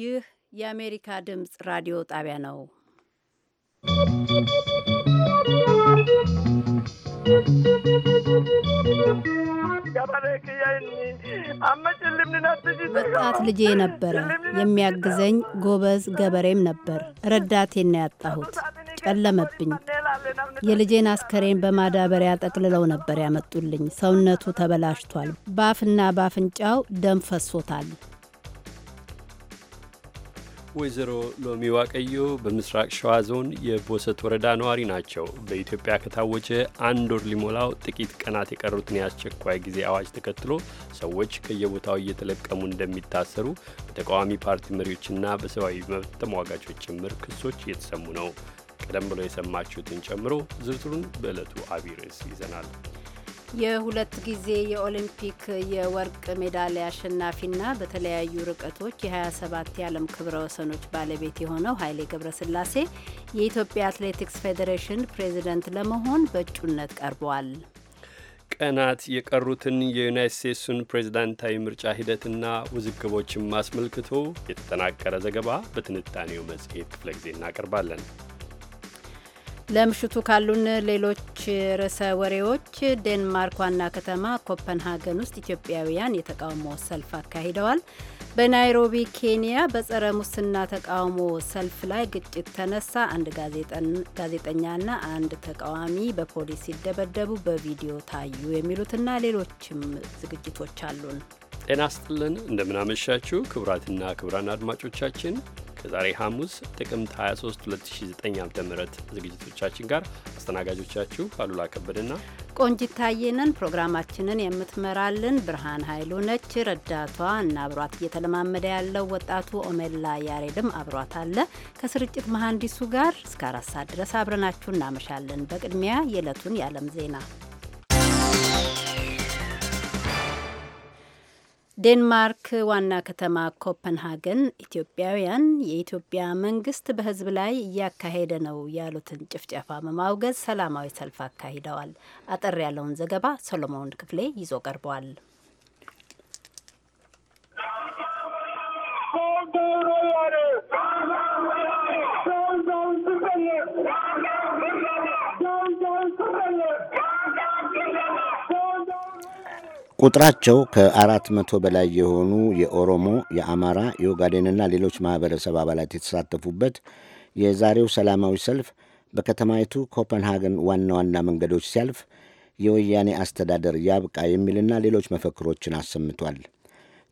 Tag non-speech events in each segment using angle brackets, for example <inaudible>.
ይህ የአሜሪካ ድምፅ ራዲዮ ጣቢያ ነው። ወጣት ልጄ ነበረ የሚያግዘኝ፣ ጎበዝ ገበሬም ነበር። ረዳቴና ያጣሁት ጨለመብኝ። የልጄን አስከሬን በማዳበሪያ ጠቅልለው ነበር ያመጡልኝ። ሰውነቱ ተበላሽቷል። በአፍና በአፍንጫው ደም ፈሶታል። ወይዘሮ ሎሚ ዋቀዮ በምስራቅ ሸዋ ዞን የቦሰት ወረዳ ነዋሪ ናቸው። በኢትዮጵያ ከታወጀ አንድ ወር ሊሞላው ጥቂት ቀናት የቀሩትን የአስቸኳይ ጊዜ አዋጅ ተከትሎ ሰዎች ከየቦታው እየተለቀሙ እንደሚታሰሩ በተቃዋሚ ፓርቲ መሪዎችና በሰብአዊ መብት ተሟጋቾች ጭምር ክሶች እየተሰሙ ነው። ቀደም ብሎ የሰማችሁትን ጨምሮ ዝርዝሩን በዕለቱ አቢርስ ርዕስ ይዘናል። የሁለት ጊዜ የኦሊምፒክ የወርቅ ሜዳሊያ አሸናፊና በተለያዩ ርቀቶች የ27 የዓለም ክብረ ወሰኖች ባለቤት የሆነው ኃይሌ ገብረስላሴ የኢትዮጵያ አትሌቲክስ ፌዴሬሽን ፕሬዚደንት ለመሆን በእጩነት ቀርበዋል። ቀናት የቀሩትን የዩናይት ስቴትሱን ፕሬዝዳንታዊ ምርጫ ሂደትና ውዝግቦችን አስመልክቶ የተጠናቀረ ዘገባ በትንታኔው መጽሔት ክፍለ ጊዜ እናቀርባለን። ለምሽቱ ካሉን ሌሎች ርዕሰ ወሬዎች ዴንማርክ ዋና ከተማ ኮፐንሃገን ውስጥ ኢትዮጵያውያን የተቃውሞ ሰልፍ አካሂደዋል። በናይሮቢ ኬንያ በጸረ ሙስና ተቃውሞ ሰልፍ ላይ ግጭት ተነሳ። አንድ ጋዜጠኛና አንድ ተቃዋሚ በፖሊስ ሲደበደቡ በቪዲዮ ታዩ። የሚሉትና ሌሎችም ዝግጅቶች አሉን። ጤና ስጥልን እንደምናመሻችሁ ክቡራትና ክቡራን አድማጮቻችን ከዛሬ ሐሙስ ጥቅምት 23 2009 ዓ ም ዝግጅቶቻችን ጋር አስተናጋጆቻችሁ አሉላ ከበድና ቆንጂት ታየንን። ፕሮግራማችንን የምትመራልን ብርሃን ኃይሉ ነች። ረዳቷ እና አብሯት እየተለማመደ ያለው ወጣቱ ኦሜላ ያሬድም አብሯት አለ። ከስርጭት መሐንዲሱ ጋር እስከ አራት ሰዓት ድረስ አብረናችሁ እናመሻለን። በቅድሚያ የዕለቱን የዓለም ዜና ዴንማርክ ዋና ከተማ ኮፐንሃገን ኢትዮጵያውያን የኢትዮጵያ መንግስት በሕዝብ ላይ እያካሄደ ነው ያሉትን ጭፍጨፋ በማውገዝ ሰላማዊ ሰልፍ አካሂደዋል። አጠር ያለውን ዘገባ ሰሎሞን ክፍሌ ይዞ ቀርበዋል። ቁጥራቸው ከአራት መቶ በላይ የሆኑ የኦሮሞ፣ የአማራ፣ የኦጋዴንና ሌሎች ማኅበረሰብ አባላት የተሳተፉበት የዛሬው ሰላማዊ ሰልፍ በከተማይቱ ኮፐንሃገን ዋና ዋና መንገዶች ሲያልፍ የወያኔ አስተዳደር ያብቃ የሚልና ሌሎች መፈክሮችን አሰምቷል።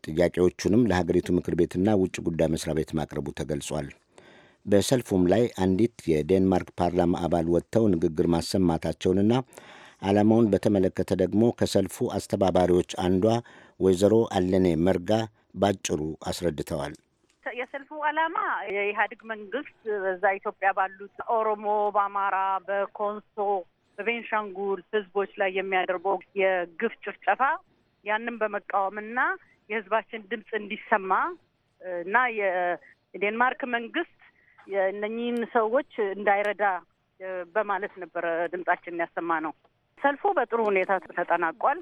ጥያቄዎቹንም ለሀገሪቱ ምክር ቤትና ውጭ ጉዳይ መስሪያ ቤት ማቅረቡ ተገልጿል። በሰልፉም ላይ አንዲት የዴንማርክ ፓርላማ አባል ወጥተው ንግግር ማሰማታቸውንና ዓላማውን በተመለከተ ደግሞ ከሰልፉ አስተባባሪዎች አንዷ ወይዘሮ አለኔ መርጋ ባጭሩ አስረድተዋል። የሰልፉ ዓላማ የኢህአዴግ መንግስት በዛ ኢትዮጵያ ባሉት ኦሮሞ፣ በአማራ፣ በኮንሶ፣ በቤንሻንጉል ህዝቦች ላይ የሚያደርገው የግፍ ጭፍጨፋ ያንን በመቃወምና የህዝባችን ድምፅ እንዲሰማ እና የዴንማርክ መንግስት እነኚህን ሰዎች እንዳይረዳ በማለት ነበረ ድምጻችን ያሰማ ነው። ሰልፉ በጥሩ ሁኔታ ተጠናቋል።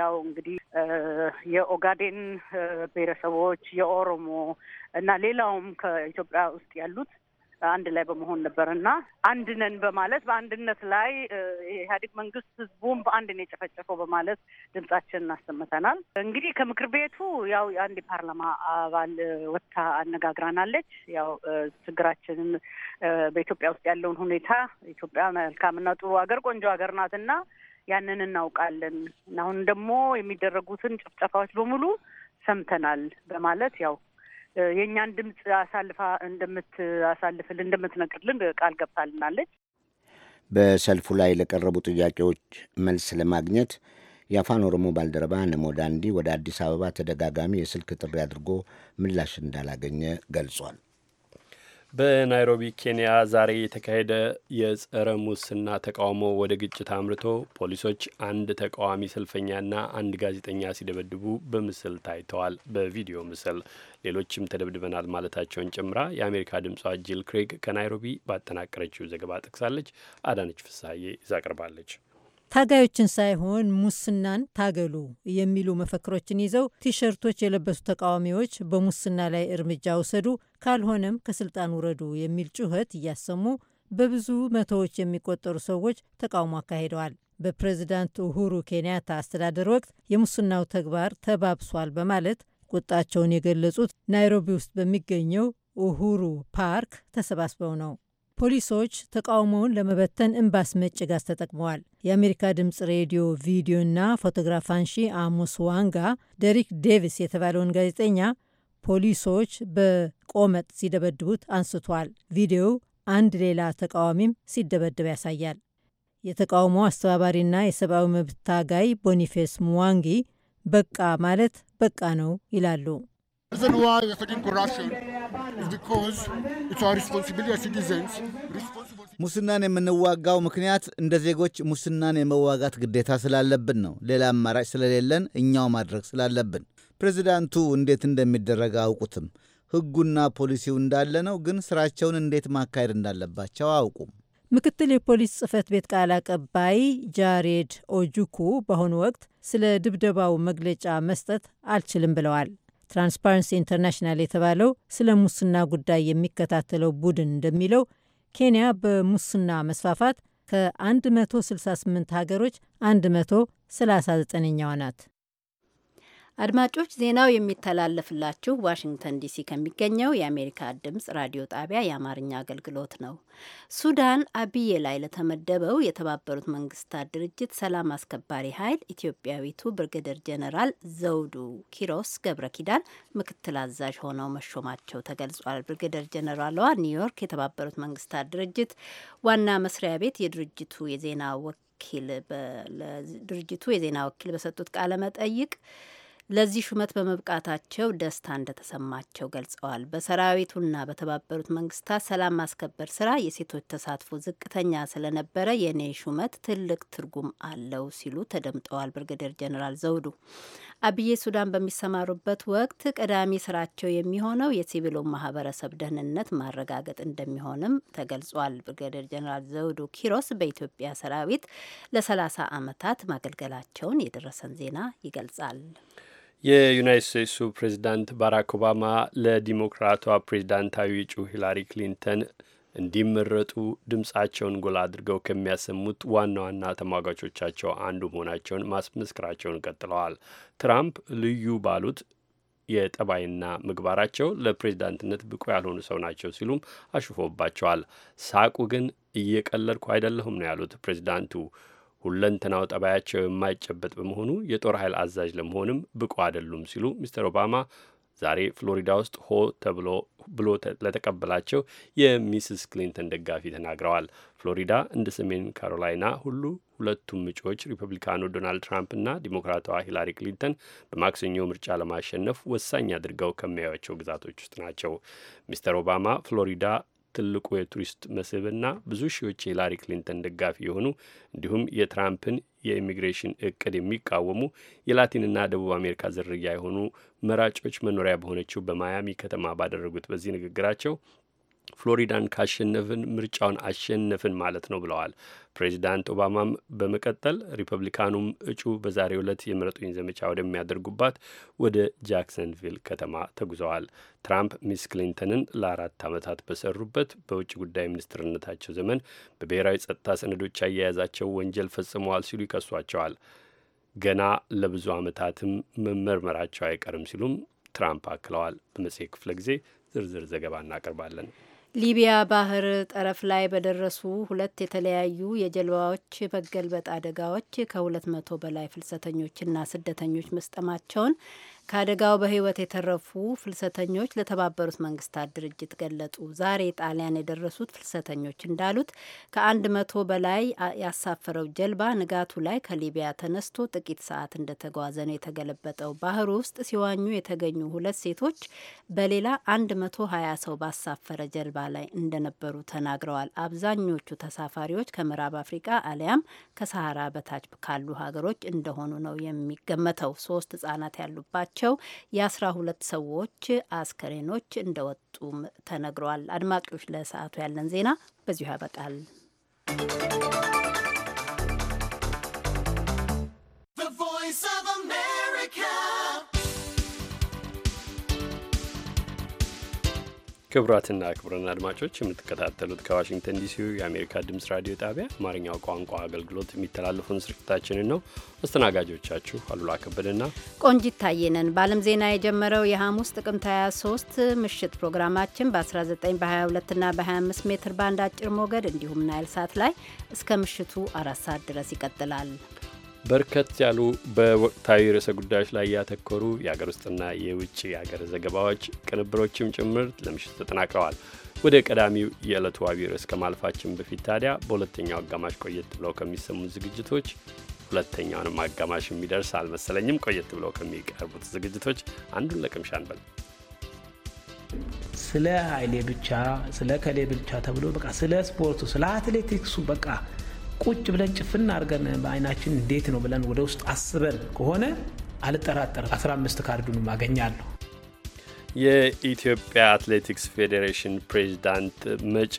ያው እንግዲህ የኦጋዴን ብሔረሰቦች የኦሮሞ እና ሌላውም ከኢትዮጵያ ውስጥ ያሉት አንድ ላይ በመሆን ነበር እና አንድ ነን በማለት በአንድነት ላይ የኢህአዴግ መንግስት ህዝቡን በአንድ ነው የጨፈጨፈው በማለት ድምጻችንን አሰምተናል። እንግዲህ ከምክር ቤቱ ያው የአንድ የፓርላማ አባል ወጥታ አነጋግራናለች። ያው ችግራችንን በኢትዮጵያ ውስጥ ያለውን ሁኔታ ኢትዮጵያ መልካምና ጥሩ ሀገር ቆንጆ ሀገር ናት እና ያንን እናውቃለን። አሁን ደግሞ የሚደረጉትን ጭፍጨፋዎች በሙሉ ሰምተናል በማለት ያው የእኛን ድምፅ አሳልፋ እንደምታሳልፍልን እንደምትነግርልን ቃል ገብታልናለች። በሰልፉ ላይ ለቀረቡ ጥያቄዎች መልስ ለማግኘት የአፋን ኦሮሞ ባልደረባ ነሞ ዳንዲ ወደ አዲስ አበባ ተደጋጋሚ የስልክ ጥሪ አድርጎ ምላሽ እንዳላገኘ ገልጿል። በናይሮቢ ኬንያ ዛሬ የተካሄደ የጸረ ሙስና ተቃውሞ ወደ ግጭት አምርቶ ፖሊሶች አንድ ተቃዋሚ ሰልፈኛና አንድ ጋዜጠኛ ሲደበድቡ በምስል ታይተዋል። በቪዲዮ ምስል ሌሎችም ተደብድበናል ማለታቸውን ጨምራ የአሜሪካ ድምጿ ጂል ክሬግ ከናይሮቢ ባጠናቀረችው ዘገባ ጠቅሳለች። አዳነች ፍሳዬ ይዛ ታጋዮችን ሳይሆን ሙስናን ታገሉ የሚሉ መፈክሮችን ይዘው ቲሸርቶች የለበሱ ተቃዋሚዎች በሙስና ላይ እርምጃ ውሰዱ፣ ካልሆነም ከስልጣን ውረዱ የሚል ጩኸት እያሰሙ በብዙ መቶዎች የሚቆጠሩ ሰዎች ተቃውሞ አካሂደዋል። በፕሬዚዳንት ኡሁሩ ኬንያታ አስተዳደር ወቅት የሙስናው ተግባር ተባብሷል በማለት ቁጣቸውን የገለጹት ናይሮቢ ውስጥ በሚገኘው ኡሁሩ ፓርክ ተሰባስበው ነው። ፖሊሶች ተቃውሞውን ለመበተን እምባስ መጭ ጋዝ ተጠቅመዋል። የአሜሪካ ድምፅ ሬዲዮ ቪዲዮ እና ፎቶግራፍ አንሺ አሙስ ዋንጋ ደሪክ ዴቪስ የተባለውን ጋዜጠኛ ፖሊሶች በቆመጥ ሲደበድቡት አንስቷል። ቪዲዮው አንድ ሌላ ተቃዋሚም ሲደበድብ ያሳያል። የተቃውሞ አስተባባሪና የሰብአዊ መብት ታጋይ ቦኒፌስ ሙዋንጊ በቃ ማለት በቃ ነው ይላሉ። reason why are fighting corruption is because it's our responsibility as citizens. ሙስናን የምንዋጋው ምክንያት እንደ ዜጎች ሙስናን የመዋጋት ግዴታ ስላለብን ነው። ሌላ አማራጭ ስለሌለን እኛው ማድረግ ስላለብን። ፕሬዚዳንቱ እንዴት እንደሚደረግ አያውቁትም። ሕጉና ፖሊሲው እንዳለ ነው፣ ግን ስራቸውን እንዴት ማካሄድ እንዳለባቸው አያውቁም። ምክትል የፖሊስ ጽህፈት ቤት ቃል አቀባይ ጃሬድ ኦጁኩ በአሁኑ ወቅት ስለ ድብደባው መግለጫ መስጠት አልችልም ብለዋል። ትራንስፓረንሲ ኢንተርናሽናል የተባለው ስለ ሙስና ጉዳይ የሚከታተለው ቡድን እንደሚለው ኬንያ በሙስና መስፋፋት ከ168 ሀገሮች 139ኛዋ ናት። አድማጮች ዜናው የሚተላለፍላችሁ ዋሽንግተን ዲሲ ከሚገኘው የአሜሪካ ድምጽ ራዲዮ ጣቢያ የአማርኛ አገልግሎት ነው። ሱዳን አብዬ ላይ ለተመደበው የተባበሩት መንግስታት ድርጅት ሰላም አስከባሪ ኃይል ኢትዮጵያዊቱ ብርግደር ጀነራል ዘውዱ ኪሮስ ገብረ ኪዳን ምክትል አዛዥ ሆነው መሾማቸው ተገልጿል። ብርጋዴር ጀነራሏ ኒውዮርክ የተባበሩት መንግስታት ድርጅት ዋና መስሪያ ቤት የድርጅቱ የዜና ወኪል ለድርጅቱ የዜና ወኪል በሰጡት ቃለ መጠይቅ ለዚህ ሹመት በመብቃታቸው ደስታ እንደተሰማቸው ገልጸዋል። በሰራዊቱና በተባበሩት መንግስታት ሰላም ማስከበር ስራ የሴቶች ተሳትፎ ዝቅተኛ ስለነበረ የኔ ሹመት ትልቅ ትርጉም አለው ሲሉ ተደምጠዋል። ብርጋዴር ጀኔራል ዘውዱ አብዬ ሱዳን በሚሰማሩበት ወቅት ቀዳሚ ስራቸው የሚሆነው የሲቪሉን ማህበረሰብ ደህንነት ማረጋገጥ እንደሚሆንም ተገልጿል። ብርጋዴር ጀኔራል ዘውዱ ኪሮስ በኢትዮጵያ ሰራዊት ለ30 ዓመታት ማገልገላቸውን የደረሰን ዜና ይገልጻል። የዩናይት ስቴትሱ ፕሬዚዳንት ባራክ ኦባማ ለዲሞክራቷ ፕሬዚዳንታዊ እጩ ሂላሪ ክሊንተን እንዲመረጡ ድምፃቸውን ጎላ አድርገው ከሚያሰሙት ዋና ዋና ተሟጋቾቻቸው አንዱ መሆናቸውን ማስመስከራቸውን ቀጥለዋል። ትራምፕ ልዩ ባሉት የጠባይና ምግባራቸው ለፕሬዚዳንትነት ብቁ ያልሆኑ ሰው ናቸው ሲሉም አሽፎባቸዋል። ሳቁ ግን እየቀለድኩ አይደለሁም ነው ያሉት ፕሬዚዳንቱ ሁለንተናው ጠባያቸው የማይጨበጥ በመሆኑ የጦር ኃይል አዛዥ ለመሆንም ብቁ አይደሉም ሲሉ ሚስተር ኦባማ ዛሬ ፍሎሪዳ ውስጥ ሆ ተብሎ ብሎ ለተቀበላቸው የሚስስ ክሊንተን ደጋፊ ተናግረዋል። ፍሎሪዳ እንደ ሰሜን ካሮላይና ሁሉ ሁለቱም እጩዎች ሪፐብሊካኑ ዶናልድ ትራምፕና ዲሞክራቷ ሂላሪ ክሊንተን በማክሰኞ ምርጫ ለማሸነፍ ወሳኝ አድርገው ከሚያዩቸው ግዛቶች ውስጥ ናቸው። ሚስተር ኦባማ ፍሎሪዳ ትልቁ የቱሪስት መስህብና ብዙ ሺዎች የሂላሪ ክሊንተን ደጋፊ የሆኑ እንዲሁም የትራምፕን የኢሚግሬሽን እቅድ የሚቃወሙ የላቲንና ደቡብ አሜሪካ ዝርያ የሆኑ መራጮች መኖሪያ በሆነችው በማያሚ ከተማ ባደረጉት በዚህ ንግግራቸው ፍሎሪዳን ካሸነፍን ምርጫውን አሸነፍን ማለት ነው ብለዋል። ፕሬዚዳንት ኦባማም በመቀጠል ሪፐብሊካኑም እጩ በዛሬው ዕለት የምረጡኝ ዘመቻ ወደሚያደርጉባት ወደ ጃክሰንቪል ከተማ ተጉዘዋል። ትራምፕ ሚስ ክሊንተንን ለአራት ዓመታት በሰሩበት በውጭ ጉዳይ ሚኒስትርነታቸው ዘመን በብሔራዊ ጸጥታ ሰነዶች አያያዛቸው ወንጀል ፈጽመዋል ሲሉ ይከሷቸዋል። ገና ለብዙ ዓመታትም መመርመራቸው አይቀርም ሲሉም ትራምፕ አክለዋል። በመጽሔት ክፍለ ጊዜ ዝርዝር ዘገባ እናቀርባለን። ሊቢያ ባህር ጠረፍ ላይ በደረሱ ሁለት የተለያዩ የጀልባዎች መገልበጥ አደጋዎች ከሁለት መቶ በላይ ፍልሰተኞችና ስደተኞች መስጠማቸውን ከአደጋው በህይወት የተረፉ ፍልሰተኞች ለተባበሩት መንግስታት ድርጅት ገለጡ። ዛሬ ጣሊያን የደረሱት ፍልሰተኞች እንዳሉት ከአንድ መቶ በላይ ያሳፈረው ጀልባ ንጋቱ ላይ ከሊቢያ ተነስቶ ጥቂት ሰዓት እንደተጓዘ ነው የተገለበጠው። ባህር ውስጥ ሲዋኙ የተገኙ ሁለት ሴቶች በሌላ አንድ መቶ ሀያ ሰው ባሳፈረ ጀልባ ላይ እንደነበሩ ተናግረዋል። አብዛኞቹ ተሳፋሪዎች ከምዕራብ አፍሪቃ አሊያም ከሰሃራ በታች ካሉ ሀገሮች እንደሆኑ ነው የሚገመተው። ሶስት ህጻናት ያሉባቸው ያላቸው የአስራ ሁለት ሰዎች አስከሬኖች እንደወጡም ተነግረዋል። አድማጮች፣ ለሰዓቱ ያለን ዜና በዚሁ ያበቃል። ክቡራትና ክቡራን አድማጮች የምትከታተሉት ከዋሽንግተን ዲሲ የአሜሪካ ድምፅ ራዲዮ ጣቢያ አማርኛው ቋንቋ አገልግሎት የሚተላለፉን ስርጭታችንን ነው። አስተናጋጆቻችሁ አሉላ ከበደና ቆንጂት ታየነን። በዓለም ዜና የጀመረው የሐሙስ ጥቅምት 23 ምሽት ፕሮግራማችን በ19 በ22ና በ25 ሜትር ባንድ አጭር ሞገድ እንዲሁም ናይል ሳት ላይ እስከ ምሽቱ አራት ሰዓት ድረስ ይቀጥላል። በርከት ያሉ በወቅታዊ ርዕሰ ጉዳዮች ላይ ያተኮሩ የአገር ውስጥና የውጭ የአገር ዘገባዎች ቅንብሮችም ጭምር ለምሽት ተጠናቅረዋል። ወደ ቀዳሚው የዕለቱ ዋቢ ርዕስ ከማልፋችን በፊት ታዲያ በሁለተኛው አጋማሽ ቆየት ብለው ከሚሰሙ ዝግጅቶች ሁለተኛውንም አጋማሽ የሚደርስ አልመሰለኝም። ቆየት ብለው ከሚቀርቡት ዝግጅቶች አንዱን ለቅምሻ እንበል። ስለ ኃይሌ ብቻ ስለ ከሌ ብቻ ተብሎ በቃ ስለ ስፖርቱ ስለ አትሌቲክሱ በቃ ቁጭ ብለን ጭፍን አድርገን በአይናችን እንዴት ነው ብለን ወደ ውስጥ አስበን ከሆነ አልጠራጠር 15 ካርዱን አገኛለሁ። የኢትዮጵያ አትሌቲክስ ፌዴሬሽን ፕሬዚዳንት መጪ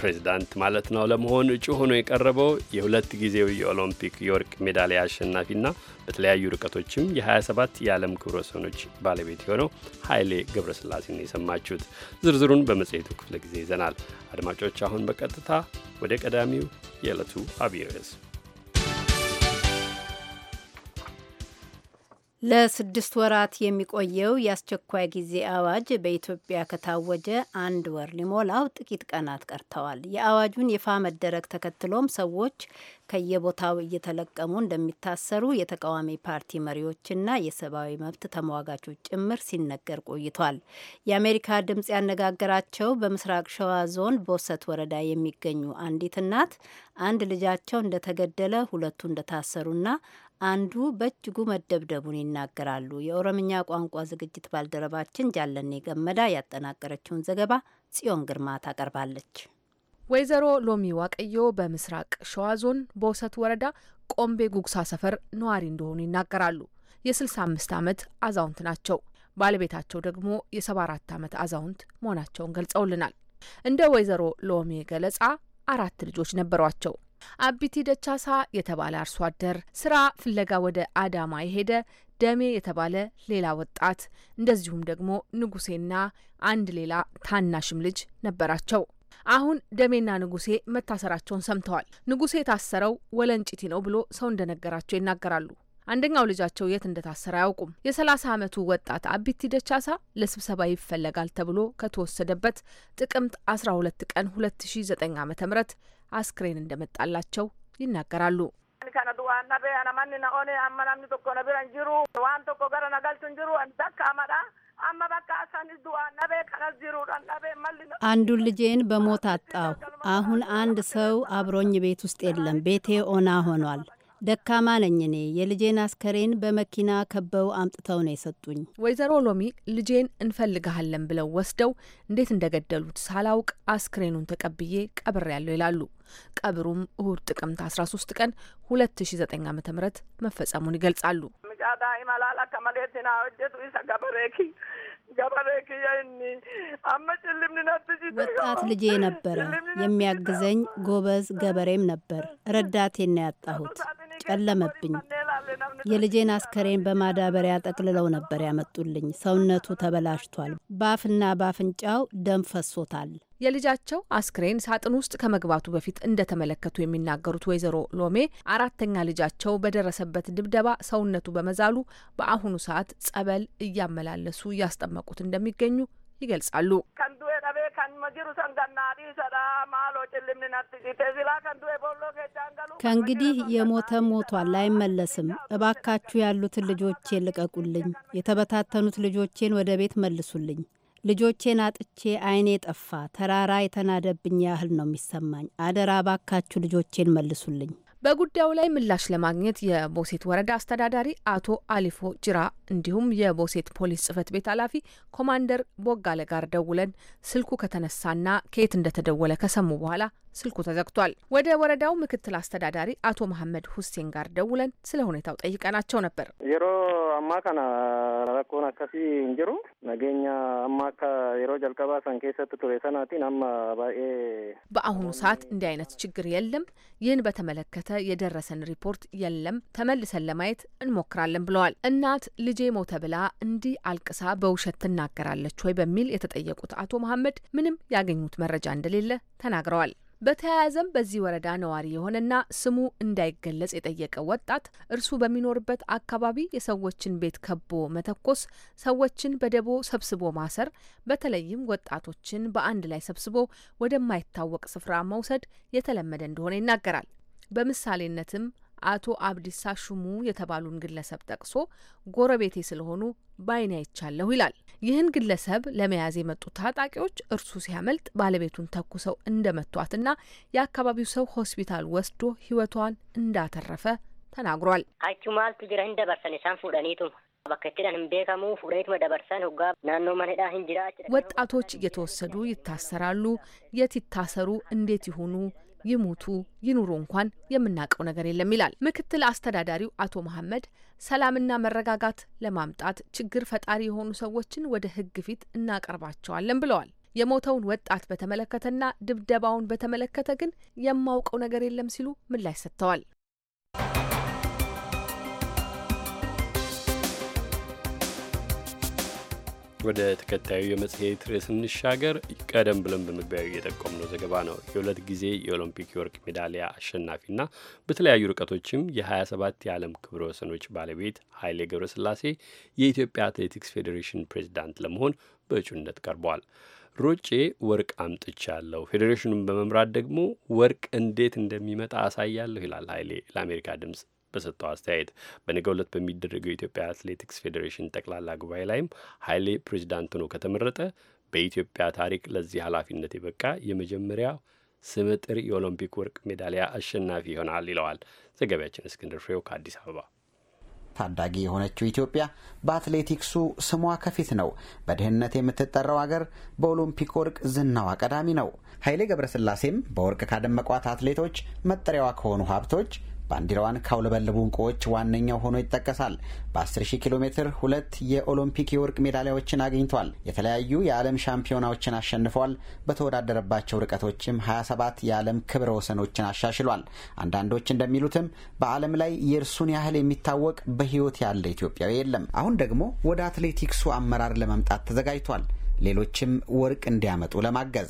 ፕሬዚዳንት ማለት ነው ለመሆን እጩ ሆኖ የቀረበው የሁለት ጊዜው የኦሎምፒክ የወርቅ ሜዳሊያ አሸናፊና በተለያዩ ርቀቶችም የ27 የዓለም ክብረ ወሰኖች ባለቤት የሆነው ኃይሌ ገብረስላሴ ነው የሰማችሁት። ዝርዝሩን በመጽሔቱ ክፍለ ጊዜ ይዘናል። አድማጮች አሁን በቀጥታ ወደ ቀዳሚው የዕለቱ አብይ ርዕስ ለስድስት ወራት የሚቆየው የአስቸኳይ ጊዜ አዋጅ በኢትዮጵያ ከታወጀ አንድ ወር ሊሞላው ጥቂት ቀናት ቀርተዋል። የአዋጁን ይፋ መደረግ ተከትሎም ሰዎች ከየቦታው እየተለቀሙ እንደሚታሰሩ የተቃዋሚ ፓርቲ መሪዎችና የሰብአዊ መብት ተሟጋቾች ጭምር ሲነገር ቆይቷል። የአሜሪካ ድምጽ ያነጋገራቸው በምስራቅ ሸዋ ዞን ቦሰት ወረዳ የሚገኙ አንዲት እናት አንድ ልጃቸው እንደተገደለ፣ ሁለቱ እንደታሰሩና አንዱ በእጅጉ መደብደቡን ይናገራሉ። የኦሮምኛ ቋንቋ ዝግጅት ባልደረባችን ጃለኔ ገመዳ ያጠናቀረችውን ዘገባ ጽዮን ግርማ ታቀርባለች። ወይዘሮ ሎሚ ዋቀዮ በምስራቅ ሸዋ ዞን በውሰት ወረዳ ቆምቤ ጉጉሳ ሰፈር ነዋሪ እንደሆኑ ይናገራሉ። የ65 ዓመት አዛውንት ናቸው። ባለቤታቸው ደግሞ የ74 ዓመት አዛውንት መሆናቸውን ገልጸውልናል። እንደ ወይዘሮ ሎሚ ገለጻ አራት ልጆች ነበሯቸው። አቢቲ ደቻሳ የተባለ አርሶ አደር፣ ስራ ፍለጋ ወደ አዳማ የሄደ ደሜ የተባለ ሌላ ወጣት፣ እንደዚሁም ደግሞ ንጉሴና አንድ ሌላ ታናሽም ልጅ ነበራቸው። አሁን ደሜና ንጉሴ መታሰራቸውን ሰምተዋል። ንጉሴ የታሰረው ወለንጭቲ ነው ብሎ ሰው እንደነገራቸው ይናገራሉ። አንደኛው ልጃቸው የት እንደታሰረ አያውቁም። የሰላሳ ዓመቱ ወጣት አቢቲ ደቻሳ ለስብሰባ ይፈለጋል ተብሎ ከተወሰደበት ጥቅምት 12 ቀን 2009 ዓ.ም አስክሬን እንደመጣላቸው ይናገራሉ። አንዱን ልጄን በሞት አጣሁ። አሁን አንድ ሰው አብሮኝ ቤት ውስጥ የለም። ቤቴ ኦና ሆኗል። ደካማ ነኝ እኔ። የልጄን አስከሬን በመኪና ከበው አምጥተው ነው የሰጡኝ። ወይዘሮ ሎሚ ልጄን እንፈልግሃለን ብለው ወስደው እንዴት እንደገደሉት ሳላውቅ አስክሬኑን ተቀብዬ ቀብር ያለው ይላሉ። ቀብሩም እሁድ ጥቅምት 13 ቀን 2009 ዓ ም መፈጸሙን ይገልጻሉ። gochaa daa'imalaa akka malee sinaa hojjetu isa gabareeki gabareeki inni amma ጭልምኒ ነብጅ ወጣት ልጄ ነበረ የሚያግዘኝ ጎበዝ ገበሬም ነበር። ረዳቴን ነው ያጣሁት። ጨለመብኝ። የልጄን አስከሬን በማዳበሪያ ጠቅልለው ነበር ያመጡልኝ። ሰውነቱ ተበላሽቷል። ባፍና ባፍንጫው ደም ፈሶታል። የልጃቸው አስክሬን ሳጥን ውስጥ ከመግባቱ በፊት እንደተመለከቱ የሚናገሩት ወይዘሮ ሎሜ አራተኛ ልጃቸው በደረሰበት ድብደባ ሰውነቱ በመዛሉ በአሁኑ ሰዓት ጸበል እያመላለሱ እያስጠመቁት እንደሚገኙ ይገልጻሉ። ከእንግዲህ የሞተ ሞቷል፣ አይመለስም። እባካችሁ ያሉትን ልጆቼን ልቀቁልኝ፣ የተበታተኑት ልጆቼን ወደ ቤት መልሱልኝ ልጆቼን አጥቼ አይኔ ጠፋ፣ ተራራ የተናደብኝ ያህል ነው የሚሰማኝ። አደራ ባካችሁ ልጆቼን መልሱልኝ። በጉዳዩ ላይ ምላሽ ለማግኘት የቦሴት ወረዳ አስተዳዳሪ አቶ አሊፎ ጅራ እንዲሁም የቦሴት ፖሊስ ጽህፈት ቤት ኃላፊ ኮማንደር ቦጋለ ጋር ደውለን ስልኩ ከተነሳና ከየት እንደተደወለ ከሰሙ በኋላ ስልኩ ተዘግቷል። ወደ ወረዳው ምክትል አስተዳዳሪ አቶ መሐመድ ሁሴን ጋር ደውለን ስለ ሁኔታው ጠይቀናቸው ነበር። የሮ አማካና ረኮን አካፊ እንጅሩ ነገኛ አማካ የሮ ጀልቀባ ቱሬ ሰናቲን አማ ባኤ በአሁኑ ሰዓት እንዲህ አይነት ችግር የለም። ይህን በተመለከተ የደረሰን ሪፖርት የለም። ተመልሰን ለማየት እንሞክራለን ብለዋል። እናት ልጄ ሞተ ብላ እንዲህ አልቅሳ በውሸት ትናገራለች ወይ በሚል የተጠየቁት አቶ መሐመድ ምንም ያገኙት መረጃ እንደሌለ ተናግረዋል። በተያያዘም በዚህ ወረዳ ነዋሪ የሆነና ስሙ እንዳይገለጽ የጠየቀ ወጣት እርሱ በሚኖርበት አካባቢ የሰዎችን ቤት ከቦ መተኮስ፣ ሰዎችን በደቦ ሰብስቦ ማሰር፣ በተለይም ወጣቶችን በአንድ ላይ ሰብስቦ ወደማይታወቅ ስፍራ መውሰድ የተለመደ እንደሆነ ይናገራል። በምሳሌነትም አቶ አብዲሳ ሹሙ የተባሉን ግለሰብ ጠቅሶ ጎረቤቴ ስለሆኑ ባይን አይቻለሁ ይላል። ይህን ግለሰብ ለመያዝ የመጡ ታጣቂዎች እርሱ ሲያመልጥ ባለቤቱን ተኩሰው እንደመቷትና የአካባቢው ሰው ሆስፒታል ወስዶ ሕይወቷን እንዳተረፈ ተናግሯል። አቹማልቱ ጅራ እንደበርሰን ሳን ፉዳኒቱ ወጣቶች እየተወሰዱ ይታሰራሉ። የት ይታሰሩ፣ እንዴት ይሆኑ? ይሙቱ ይኑሩ እንኳን የምናውቀው ነገር የለም ይላል ምክትል አስተዳዳሪው አቶ መሐመድ። ሰላምና መረጋጋት ለማምጣት ችግር ፈጣሪ የሆኑ ሰዎችን ወደ ህግ ፊት እናቀርባቸዋለን ብለዋል። የሞተውን ወጣት በተመለከተና ድብደባውን በተመለከተ ግን የማውቀው ነገር የለም ሲሉ ምላሽ ሰጥተዋል። ወደ ተከታዩ የመጽሔት ርዕስ እንሻገር። ቀደም ብለን በመግቢያዊ እየጠቆምነው ዘገባ ነው። የሁለት ጊዜ የኦሎምፒክ የወርቅ ሜዳሊያ አሸናፊና በተለያዩ ርቀቶችም የ27 የዓለም ክብረ ወሰኖች ባለቤት ኃይሌ ገብረስላሴ የኢትዮጵያ አትሌቲክስ ፌዴሬሽን ፕሬዚዳንት ለመሆን በእጩነት ቀርበዋል። ሮጬ ወርቅ አምጥቻለሁ፣ ፌዴሬሽኑን በመምራት ደግሞ ወርቅ እንዴት እንደሚመጣ አሳያለሁ ይላል ኃይሌ ለአሜሪካ ድምፅ በሰጠው አስተያየት በነገው ዕለት በሚደረገው የኢትዮጵያ አትሌቲክስ ፌዴሬሽን ጠቅላላ ጉባኤ ላይም ኃይሌ ፕሬዚዳንት ሆኖ ከተመረጠ በኢትዮጵያ ታሪክ ለዚህ ኃላፊነት የበቃ የመጀመሪያ ስምጥር የኦሎምፒክ ወርቅ ሜዳሊያ አሸናፊ ይሆናል ይለዋል። ዘገቢያችን እስክንድር ፍሬው ከአዲስ አበባ። ታዳጊ የሆነችው ኢትዮጵያ በአትሌቲክሱ ስሟ ከፊት ነው። በድህነት የምትጠራው አገር በኦሎምፒክ ወርቅ ዝናዋ ቀዳሚ ነው። ኃይሌ ገብረስላሴም በወርቅ ካደመቋት አትሌቶች መጠሪያዋ ከሆኑ ሀብቶች ባንዲራዋን ካውለበለቡ እንቁዎች ዋነኛው ሆኖ ይጠቀሳል። በ10,000 ኪሎ ሜትር ሁለት የኦሎምፒክ የወርቅ ሜዳሊያዎችን አግኝቷል። የተለያዩ የዓለም ሻምፒዮናዎችን አሸንፏል። በተወዳደረባቸው ርቀቶችም 27 የዓለም ክብረ ወሰኖችን አሻሽሏል። አንዳንዶች እንደሚሉትም በዓለም ላይ የእርሱን ያህል የሚታወቅ በሕይወት ያለ ኢትዮጵያዊ የለም። አሁን ደግሞ ወደ አትሌቲክሱ አመራር ለመምጣት ተዘጋጅቷል። ሌሎችም ወርቅ እንዲያመጡ ለማገዝ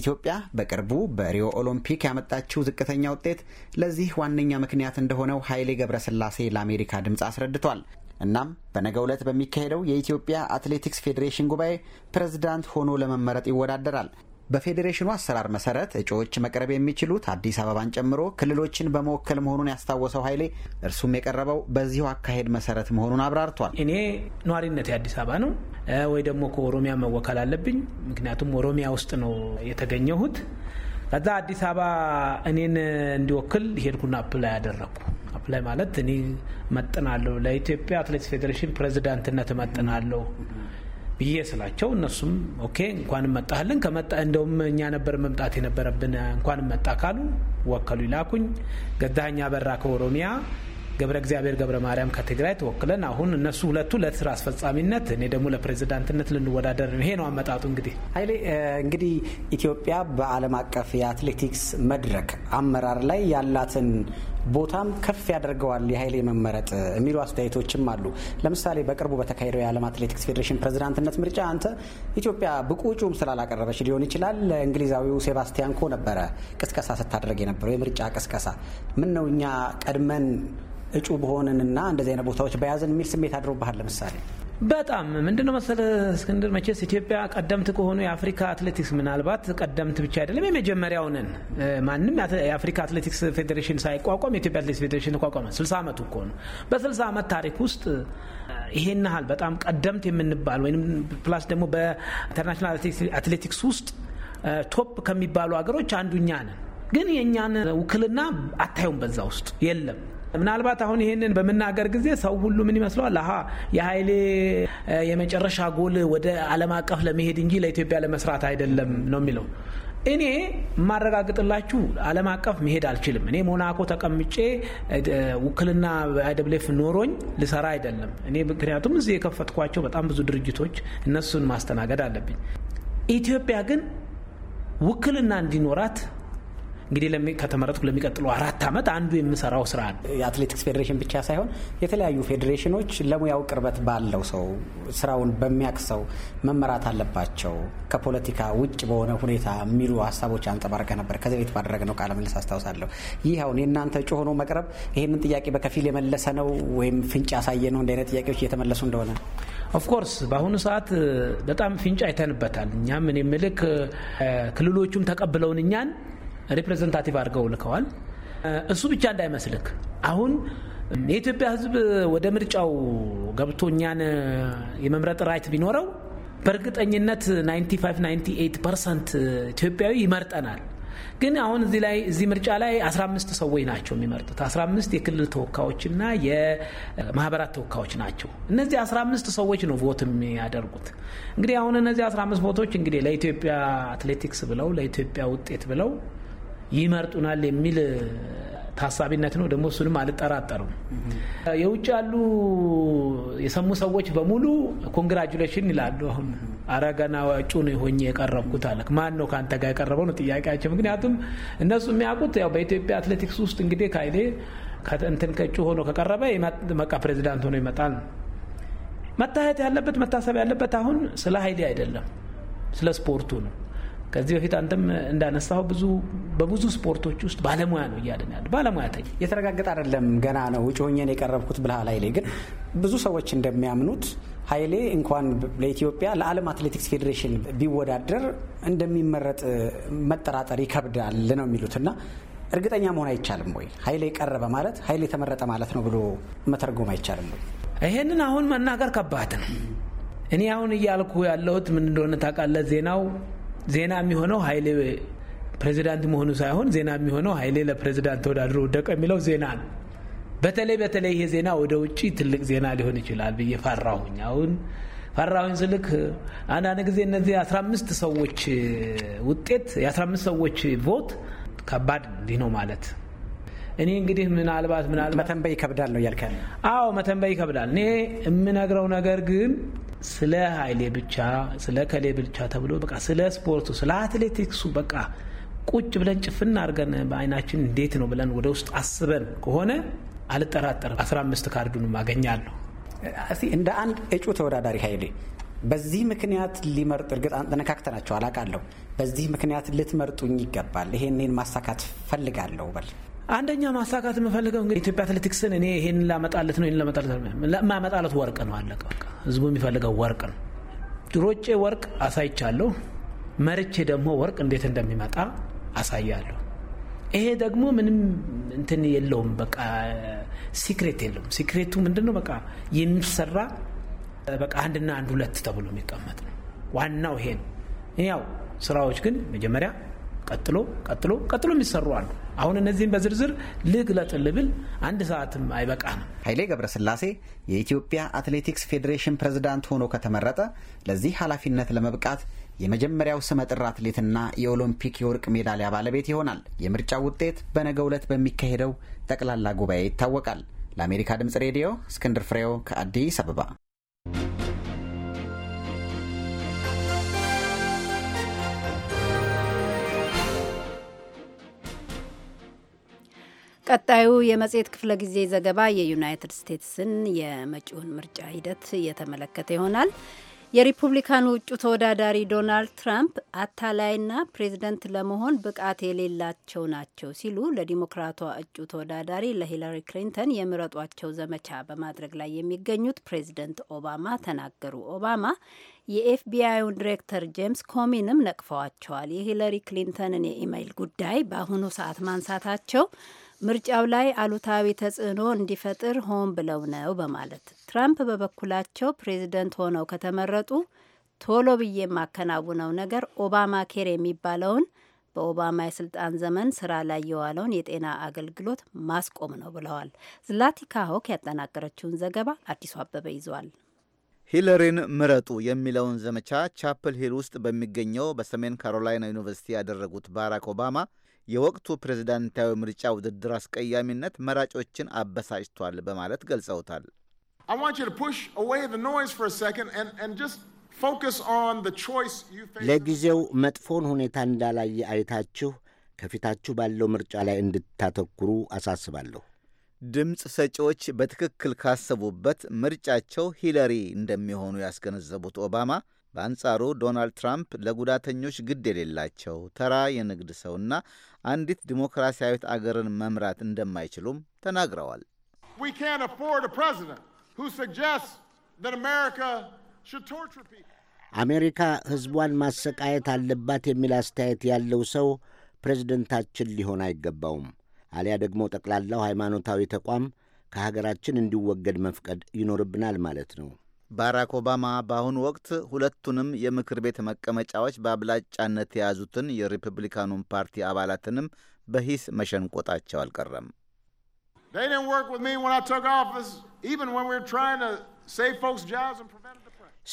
ኢትዮጵያ በቅርቡ በሪዮ ኦሎምፒክ ያመጣችው ዝቅተኛ ውጤት ለዚህ ዋነኛ ምክንያት እንደሆነው ኃይሌ ገብረስላሴ ለአሜሪካ ድምፅ አስረድቷል። እናም በነገ ዕለት በሚካሄደው የኢትዮጵያ አትሌቲክስ ፌዴሬሽን ጉባኤ ፕሬዝዳንት ሆኖ ለመመረጥ ይወዳደራል። በፌዴሬሽኑ አሰራር መሰረት እጩዎች መቅረብ የሚችሉት አዲስ አበባን ጨምሮ ክልሎችን በመወከል መሆኑን ያስታወሰው ኃይሌ እርሱም የቀረበው በዚሁ አካሄድ መሰረት መሆኑን አብራርቷል። እኔ ነዋሪነት የአዲስ አበባ ነው ወይ ደግሞ ከኦሮሚያ መወከል አለብኝ። ምክንያቱም ኦሮሚያ ውስጥ ነው የተገኘሁት። ከዛ አዲስ አበባ እኔን እንዲወክል ሄድኩና አፕላይ ያደረግኩ አፕላይ ማለት እኔ መጥናለሁ፣ ለኢትዮጵያ አትሌቲክስ ፌዴሬሽን ፕሬዚዳንትነት መጥናለሁ ብዬ ስላቸው እነሱም ኦኬ እንኳን መጣህልን ከመጣ እንደውም እኛ ነበር መምጣት የነበረብን እንኳን መጣ ካሉ ወከሉ ይላኩኝ ገዛኸኝ በራ ከኦሮሚያ ገብረ እግዚአብሔር ገብረ ማርያም ከትግራይ ተወክለን አሁን እነሱ ሁለቱ ለስራ አስፈጻሚነት እኔ ደግሞ ለፕሬዚዳንትነት ልንወዳደር ነው። ይሄ ነው አመጣጡ። እንግዲህ ኃይሌ እንግዲህ ኢትዮጵያ በዓለም አቀፍ የአትሌቲክስ መድረክ አመራር ላይ ያላትን ቦታም ከፍ ያደርገዋል የኃይሌ መመረጥ የሚሉ አስተያየቶችም አሉ። ለምሳሌ በቅርቡ በተካሄደው የዓለም አትሌቲክስ ፌዴሬሽን ፕሬዚዳንትነት ምርጫ አንተ ኢትዮጵያ ብቁ እጩም ስላላቀረበች ሊሆን ይችላል ለእንግሊዛዊው ሴባስቲያን ኮ ነበረ ቅስቀሳ ስታደረግ የነበረው የምርጫ ቅስቀሳ። ምን ነው እኛ ቀድመን እጩ በሆንንና እንደዚህ አይነት ቦታዎች በያዝን የሚል ስሜት አድሮብሃል ለምሳሌ በጣም ምንድነው መሰለ እስክንድር፣ መቼስ ኢትዮጵያ ቀደምት ከሆኑ የአፍሪካ አትሌቲክስ ምናልባት ቀደምት ብቻ አይደለም የመጀመሪያው ነን። ማንም የአፍሪካ አትሌቲክስ ፌዴሬሽን ሳይቋቋም የኢትዮጵያ አትሌቲክስ ፌዴሬሽን ተቋቋመ። ስልሳ ዓመቱ እኮ ነው። በስልሳ ዓመት ታሪክ ውስጥ ይሄን ያህል በጣም ቀደምት የምንባል ወይም ፕላስ ደግሞ በኢንተርናሽናል አትሌቲክስ ውስጥ ቶፕ ከሚባሉ ሀገሮች አንዱኛ ነን። ግን የእኛን ውክልና አታዩም፣ በዛ ውስጥ የለም። ምናልባት አሁን ይሄንን በምናገር ጊዜ ሰው ሁሉ ምን ይመስለዋል? አሀ የሀይሌ የመጨረሻ ጎል ወደ ዓለም አቀፍ ለመሄድ እንጂ ለኢትዮጵያ ለመስራት አይደለም ነው የሚለው። እኔ የማረጋግጥላችሁ ዓለም አቀፍ መሄድ አልችልም። እኔ ሞናኮ ተቀምጬ ውክልና አይደብሌፍ ኖሮኝ ልሰራ አይደለም እኔ ምክንያቱም እዚህ የከፈትኳቸው በጣም ብዙ ድርጅቶች እነሱን ማስተናገድ አለብኝ። ኢትዮጵያ ግን ውክልና እንዲኖራት እንግዲህ ከተመረጥኩ ለሚቀጥሉ አራት ዓመት አንዱ የምሰራው ስራ ነው። የአትሌቲክስ ፌዴሬሽን ብቻ ሳይሆን የተለያዩ ፌዴሬሽኖች ለሙያው ቅርበት ባለው ሰው ስራውን በሚያቅ ሰው መመራት አለባቸው ከፖለቲካ ውጭ በሆነ ሁኔታ የሚሉ ሀሳቦች አንጸባርቀ ነበር። ከዚ ቤት ባደረግነው ቃለ ምልልስ አስታውሳለሁ። ይህ አሁን የእናንተ እጩ ሆኖ መቅረብ ይህንን ጥያቄ በከፊል የመለሰ ነው ወይም ፍንጭ ያሳየ ነው እንደ አይነት ጥያቄዎች እየተመለሱ እንደሆነ ኦፍኮርስ በአሁኑ ሰዓት በጣም ፍንጭ አይተንበታል። እኛም እኔ ምልክ ክልሎቹም ተቀብለውን እኛን ሪፕሬዘንታቲቭ አድርገው ልከዋል። እሱ ብቻ እንዳይመስልክ አሁን የኢትዮጵያ ሕዝብ ወደ ምርጫው ገብቶ እኛን የመምረጥ ራይት ቢኖረው በእርግጠኝነት 9598 ፐርሰንት ኢትዮጵያዊ ይመርጠናል። ግን አሁን እዚህ ላይ እዚህ ምርጫ ላይ 15 ሰዎች ናቸው የሚመርጡት። 15 የክልል ተወካዮችና የማህበራት ተወካዮች ናቸው። እነዚህ 15 ሰዎች ነው ቮት የሚያደርጉት። እንግዲህ አሁን እነዚህ 15 ቦቶች እንግዲህ ለኢትዮጵያ አትሌቲክስ ብለው ለኢትዮጵያ ውጤት ብለው ይመርጡናል የሚል ታሳቢነት ነው። ደግሞ እሱንም አልጠራጠርም። የውጭ ያሉ የሰሙ ሰዎች በሙሉ ኮንግራጁሌሽን ይላሉ። አሁን አረገና እጩ ነው ሆኜ የቀረብኩት አለ። ማን ነው ከአንተ ጋር የቀረበው ነው ጥያቄያቸው። ምክንያቱም እነሱ የሚያውቁት ያው በኢትዮጵያ አትሌቲክስ ውስጥ እንግዲህ ካይሌ እንትን ከእጩ ሆኖ ከቀረበ መቃ ፕሬዚዳንት ሆኖ ይመጣል። መታየት ያለበት መታሰብ ያለበት አሁን ስለ ሀይሌ አይደለም፣ ስለ ስፖርቱ ነው ከዚህ በፊት አንተም እንዳነሳው ብዙ በብዙ ስፖርቶች ውስጥ ባለሙያ ነው እያለን ያለ ባለሙያ የተረጋገጠ አይደለም ገና ነው። ውጭ ሆኜን የቀረብኩት ብልሃል ኃይሌ ግን ብዙ ሰዎች እንደሚያምኑት ኃይሌ እንኳን ለኢትዮጵያ ለዓለም አትሌቲክስ ፌዴሬሽን ቢወዳደር እንደሚመረጥ መጠራጠር ይከብዳል ነው የሚሉትና እርግጠኛ መሆን አይቻልም ወይ? ኃይሌ ቀረበ ማለት ኃይሌ ተመረጠ ማለት ነው ብሎ መተርጎም አይቻልም ወይ? ይሄንን አሁን መናገር ከባድ ነው። እኔ አሁን እያልኩ ያለሁት ምን እንደሆነ ታውቃለህ ዜናው ዜና የሚሆነው ሀይሌ ፕሬዚዳንት መሆኑ ሳይሆን ዜና የሚሆነው ሀይሌ ለፕሬዚዳንት ተወዳድሮ ወደቀ የሚለው ዜና ነው። በተለይ በተለይ ይሄ ዜና ወደ ውጭ ትልቅ ዜና ሊሆን ይችላል ብዬ ፈራሁኝ። አሁን ፈራሁኝ ስልክ አንዳንድ ጊዜ እነዚህ የ15 ሰዎች ውጤት የ15 ሰዎች ቮት ከባድ እንዲህ ነው ማለት እኔ እንግዲህ ምናልባት ምናልባት መተንበይ ይከብዳል ነው እያልከ? አዎ መተንበይ ይከብዳል። እኔ የምነግረው ነገር ግን ስለ ሀይሌ ብቻ ስለ ከሌ ብቻ ተብሎ በቃ ስለ ስፖርቱ ስለ አትሌቲክሱ በቃ ቁጭ ብለን ጭፍና አድርገን በአይናችን እንዴት ነው ብለን ወደ ውስጥ አስበን ከሆነ አልጠራጠርም 15 ካርዱንም አገኛለሁ። እስቲ እንደ አንድ እጩ ተወዳዳሪ ሀይሌ በዚህ ምክንያት ሊመርጥ እርግጥ አነካክተናቸው አላቃለሁ። በዚህ ምክንያት ልትመርጡኝ ይገባል፣ ይሄንን ማሳካት ፈልጋለሁ በል አንደኛ ማሳካት የምፈልገው እንግዲህ ኢትዮጵያ አትሌቲክስን እኔ ይሄን ላመጣለት ነው ማመጣለት ወርቅ ነው አለቀ። በቃ ህዝቡ የሚፈልገው ወርቅ ነው። ሮጬ ወርቅ አሳይቻለሁ። መርቼ ደግሞ ወርቅ እንዴት እንደሚመጣ አሳያለሁ። ይሄ ደግሞ ምንም እንትን የለውም። በቃ ሲክሬት የለውም። ሲክሬቱ ምንድን ነው? በቃ የሚሰራ በቃ አንድና አንድ ሁለት ተብሎ የሚቀመጥ ነው። ዋናው ይሄ ነው። ያው ስራዎች ግን መጀመሪያ ቀጥሎ ቀጥሎ ቀጥሎ የሚሰሩ አሉ። አሁን እነዚህን በዝርዝር ልግለጥልህ ብል አንድ ሰዓትም አይበቃም። ኃይሌ ገብረስላሴ የኢትዮጵያ አትሌቲክስ ፌዴሬሽን ፕሬዝዳንት ሆኖ ከተመረጠ ለዚህ ኃላፊነት ለመብቃት የመጀመሪያው ስመጥር አትሌትና የኦሎምፒክ የወርቅ ሜዳሊያ ባለቤት ይሆናል። የምርጫው ውጤት በነገ ዕለት በሚካሄደው ጠቅላላ ጉባኤ ይታወቃል። ለአሜሪካ ድምፅ ሬዲዮ እስክንድር ፍሬው ከአዲስ አበባ ቀጣዩ የመጽሔት ክፍለ ጊዜ ዘገባ የዩናይትድ ስቴትስን የመጪውን ምርጫ ሂደት እየተመለከተ ይሆናል። የሪፑብሊካኑ እጩ ተወዳዳሪ ዶናልድ ትራምፕ አታላይና ፕሬዝደንት ለመሆን ብቃት የሌላቸው ናቸው ሲሉ ለዲሞክራቷ እጩ ተወዳዳሪ ለሂላሪ ክሊንተን የምረጧቸው ዘመቻ በማድረግ ላይ የሚገኙት ፕሬዝደንት ኦባማ ተናገሩ። ኦባማ የኤፍቢአዩን ዲሬክተር ጄምስ ኮሚንም ነቅፈዋቸዋል። የሂለሪ ክሊንተንን የኢሜይል ጉዳይ በአሁኑ ሰዓት ማንሳታቸው ምርጫው ላይ አሉታዊ ተጽዕኖ እንዲፈጥር ሆን ብለው ነው በማለት ትራምፕ በበኩላቸው ፕሬዚደንት ሆነው ከተመረጡ ቶሎ ብዬ የማከናውነው ነገር ኦባማ ኬር የሚባለውን በኦባማ የስልጣን ዘመን ስራ ላይ የዋለውን የጤና አገልግሎት ማስቆም ነው ብለዋል። ዝላቲካ ሆክ ያጠናቀረችውን ዘገባ አዲሱ አበበ ይዟል። ሂለሪን ምረጡ የሚለውን ዘመቻ ቻፕል ሂል ውስጥ በሚገኘው በሰሜን ካሮላይና ዩኒቨርሲቲ ያደረጉት ባራክ ኦባማ የወቅቱ ፕሬዝዳንታዊ ምርጫ ውድድር አስቀያሚነት መራጮችን አበሳጭቷል በማለት ገልጸውታል። ለጊዜው መጥፎን ሁኔታ እንዳላየ አይታችሁ ከፊታችሁ ባለው ምርጫ ላይ እንድታተኩሩ አሳስባለሁ። ድምፅ ሰጪዎች በትክክል ካሰቡበት ምርጫቸው ሂለሪ እንደሚሆኑ ያስገነዘቡት ኦባማ በአንጻሩ ዶናልድ ትራምፕ ለጉዳተኞች ግድ የሌላቸው ተራ የንግድ ሰውና አንዲት ዲሞክራሲያዊት አገርን መምራት እንደማይችሉም ተናግረዋል። አሜሪካ ሕዝቧን ማሰቃየት አለባት የሚል አስተያየት ያለው ሰው ፕሬዝደንታችን ሊሆን አይገባውም። አሊያ ደግሞ ጠቅላላው ሃይማኖታዊ ተቋም ከሀገራችን እንዲወገድ መፍቀድ ይኖርብናል ማለት ነው። ባራክ ኦባማ በአሁኑ ወቅት ሁለቱንም የምክር ቤት መቀመጫዎች በአብላጫነት የያዙትን የሪፐብሊካኑን ፓርቲ አባላትንም በሂስ መሸንቆጣቸው አልቀረም።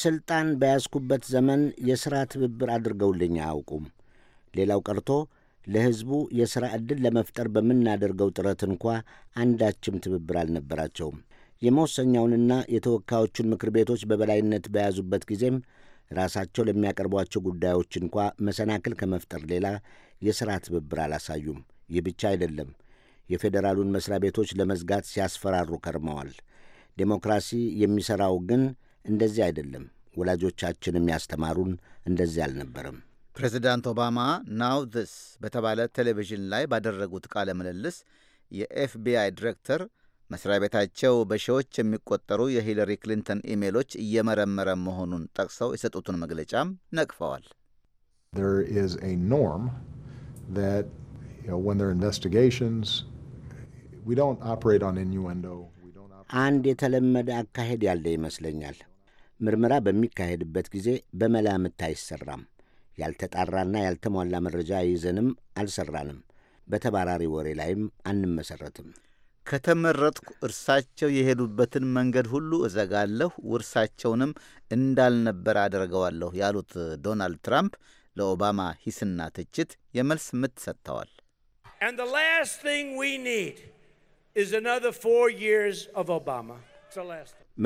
ስልጣን በያዝኩበት ዘመን የሥራ ትብብር አድርገውልኝ አያውቁም። ሌላው ቀርቶ ለሕዝቡ የሥራ ዕድል ለመፍጠር በምናደርገው ጥረት እንኳ አንዳችም ትብብር አልነበራቸውም። የመወሰኛውንና የተወካዮቹን ምክር ቤቶች በበላይነት በያዙበት ጊዜም ራሳቸው ለሚያቀርቧቸው ጉዳዮች እንኳ መሰናክል ከመፍጠር ሌላ የሥራ ትብብር አላሳዩም። ይህ ብቻ አይደለም፣ የፌዴራሉን መስሪያ ቤቶች ለመዝጋት ሲያስፈራሩ ከርመዋል። ዴሞክራሲ የሚሠራው ግን እንደዚህ አይደለም። ወላጆቻችንም ያስተማሩን እንደዚህ አልነበረም። ፕሬዚዳንት ኦባማ ናው ዚስ በተባለ ቴሌቪዥን ላይ ባደረጉት ቃለ ምልልስ የኤፍቢአይ ዲሬክተር መስሪያ ቤታቸው በሺዎች የሚቆጠሩ የሂለሪ ክሊንተን ኢሜሎች እየመረመረ መሆኑን ጠቅሰው የሰጡትን መግለጫም ነቅፈዋል። አንድ የተለመደ አካሄድ ያለ ይመስለኛል። ምርመራ በሚካሄድበት ጊዜ በመላምት አይሰራም። ያልተጣራና ያልተሟላ መረጃ ይዘንም አልሰራንም። በተባራሪ ወሬ ላይም አንመሰረትም። ከተመረጥኩ እርሳቸው የሄዱበትን መንገድ ሁሉ እዘጋለሁ፣ ውርሳቸውንም እንዳልነበር አደርገዋለሁ ያሉት ዶናልድ ትራምፕ ለኦባማ ሂስና ትችት የመልስ ምት ሰጥተዋል።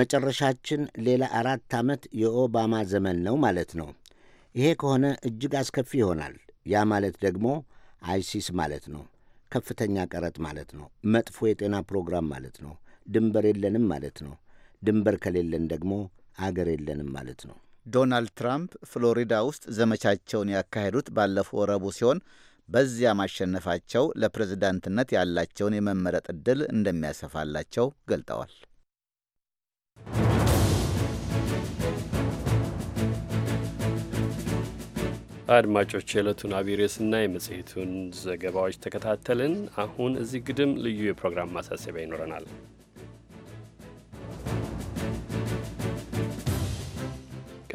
መጨረሻችን ሌላ አራት ዓመት የኦባማ ዘመን ነው ማለት ነው። ይሄ ከሆነ እጅግ አስከፊ ይሆናል። ያ ማለት ደግሞ አይሲስ ማለት ነው። ከፍተኛ ቀረጥ ማለት ነው። መጥፎ የጤና ፕሮግራም ማለት ነው። ድንበር የለንም ማለት ነው። ድንበር ከሌለን ደግሞ አገር የለንም ማለት ነው። ዶናልድ ትራምፕ ፍሎሪዳ ውስጥ ዘመቻቸውን ያካሄዱት ባለፈው ረቡዕ ሲሆን በዚያ ማሸነፋቸው ለፕሬዝዳንትነት ያላቸውን የመመረጥ ዕድል እንደሚያሰፋላቸው ገልጠዋል። አድማጮች የዕለቱን አቢሬስና የመጽሔቱን ዘገባዎች ተከታተልን። አሁን እዚህ ግድም ልዩ የፕሮግራም ማሳሰቢያ ይኖረናል።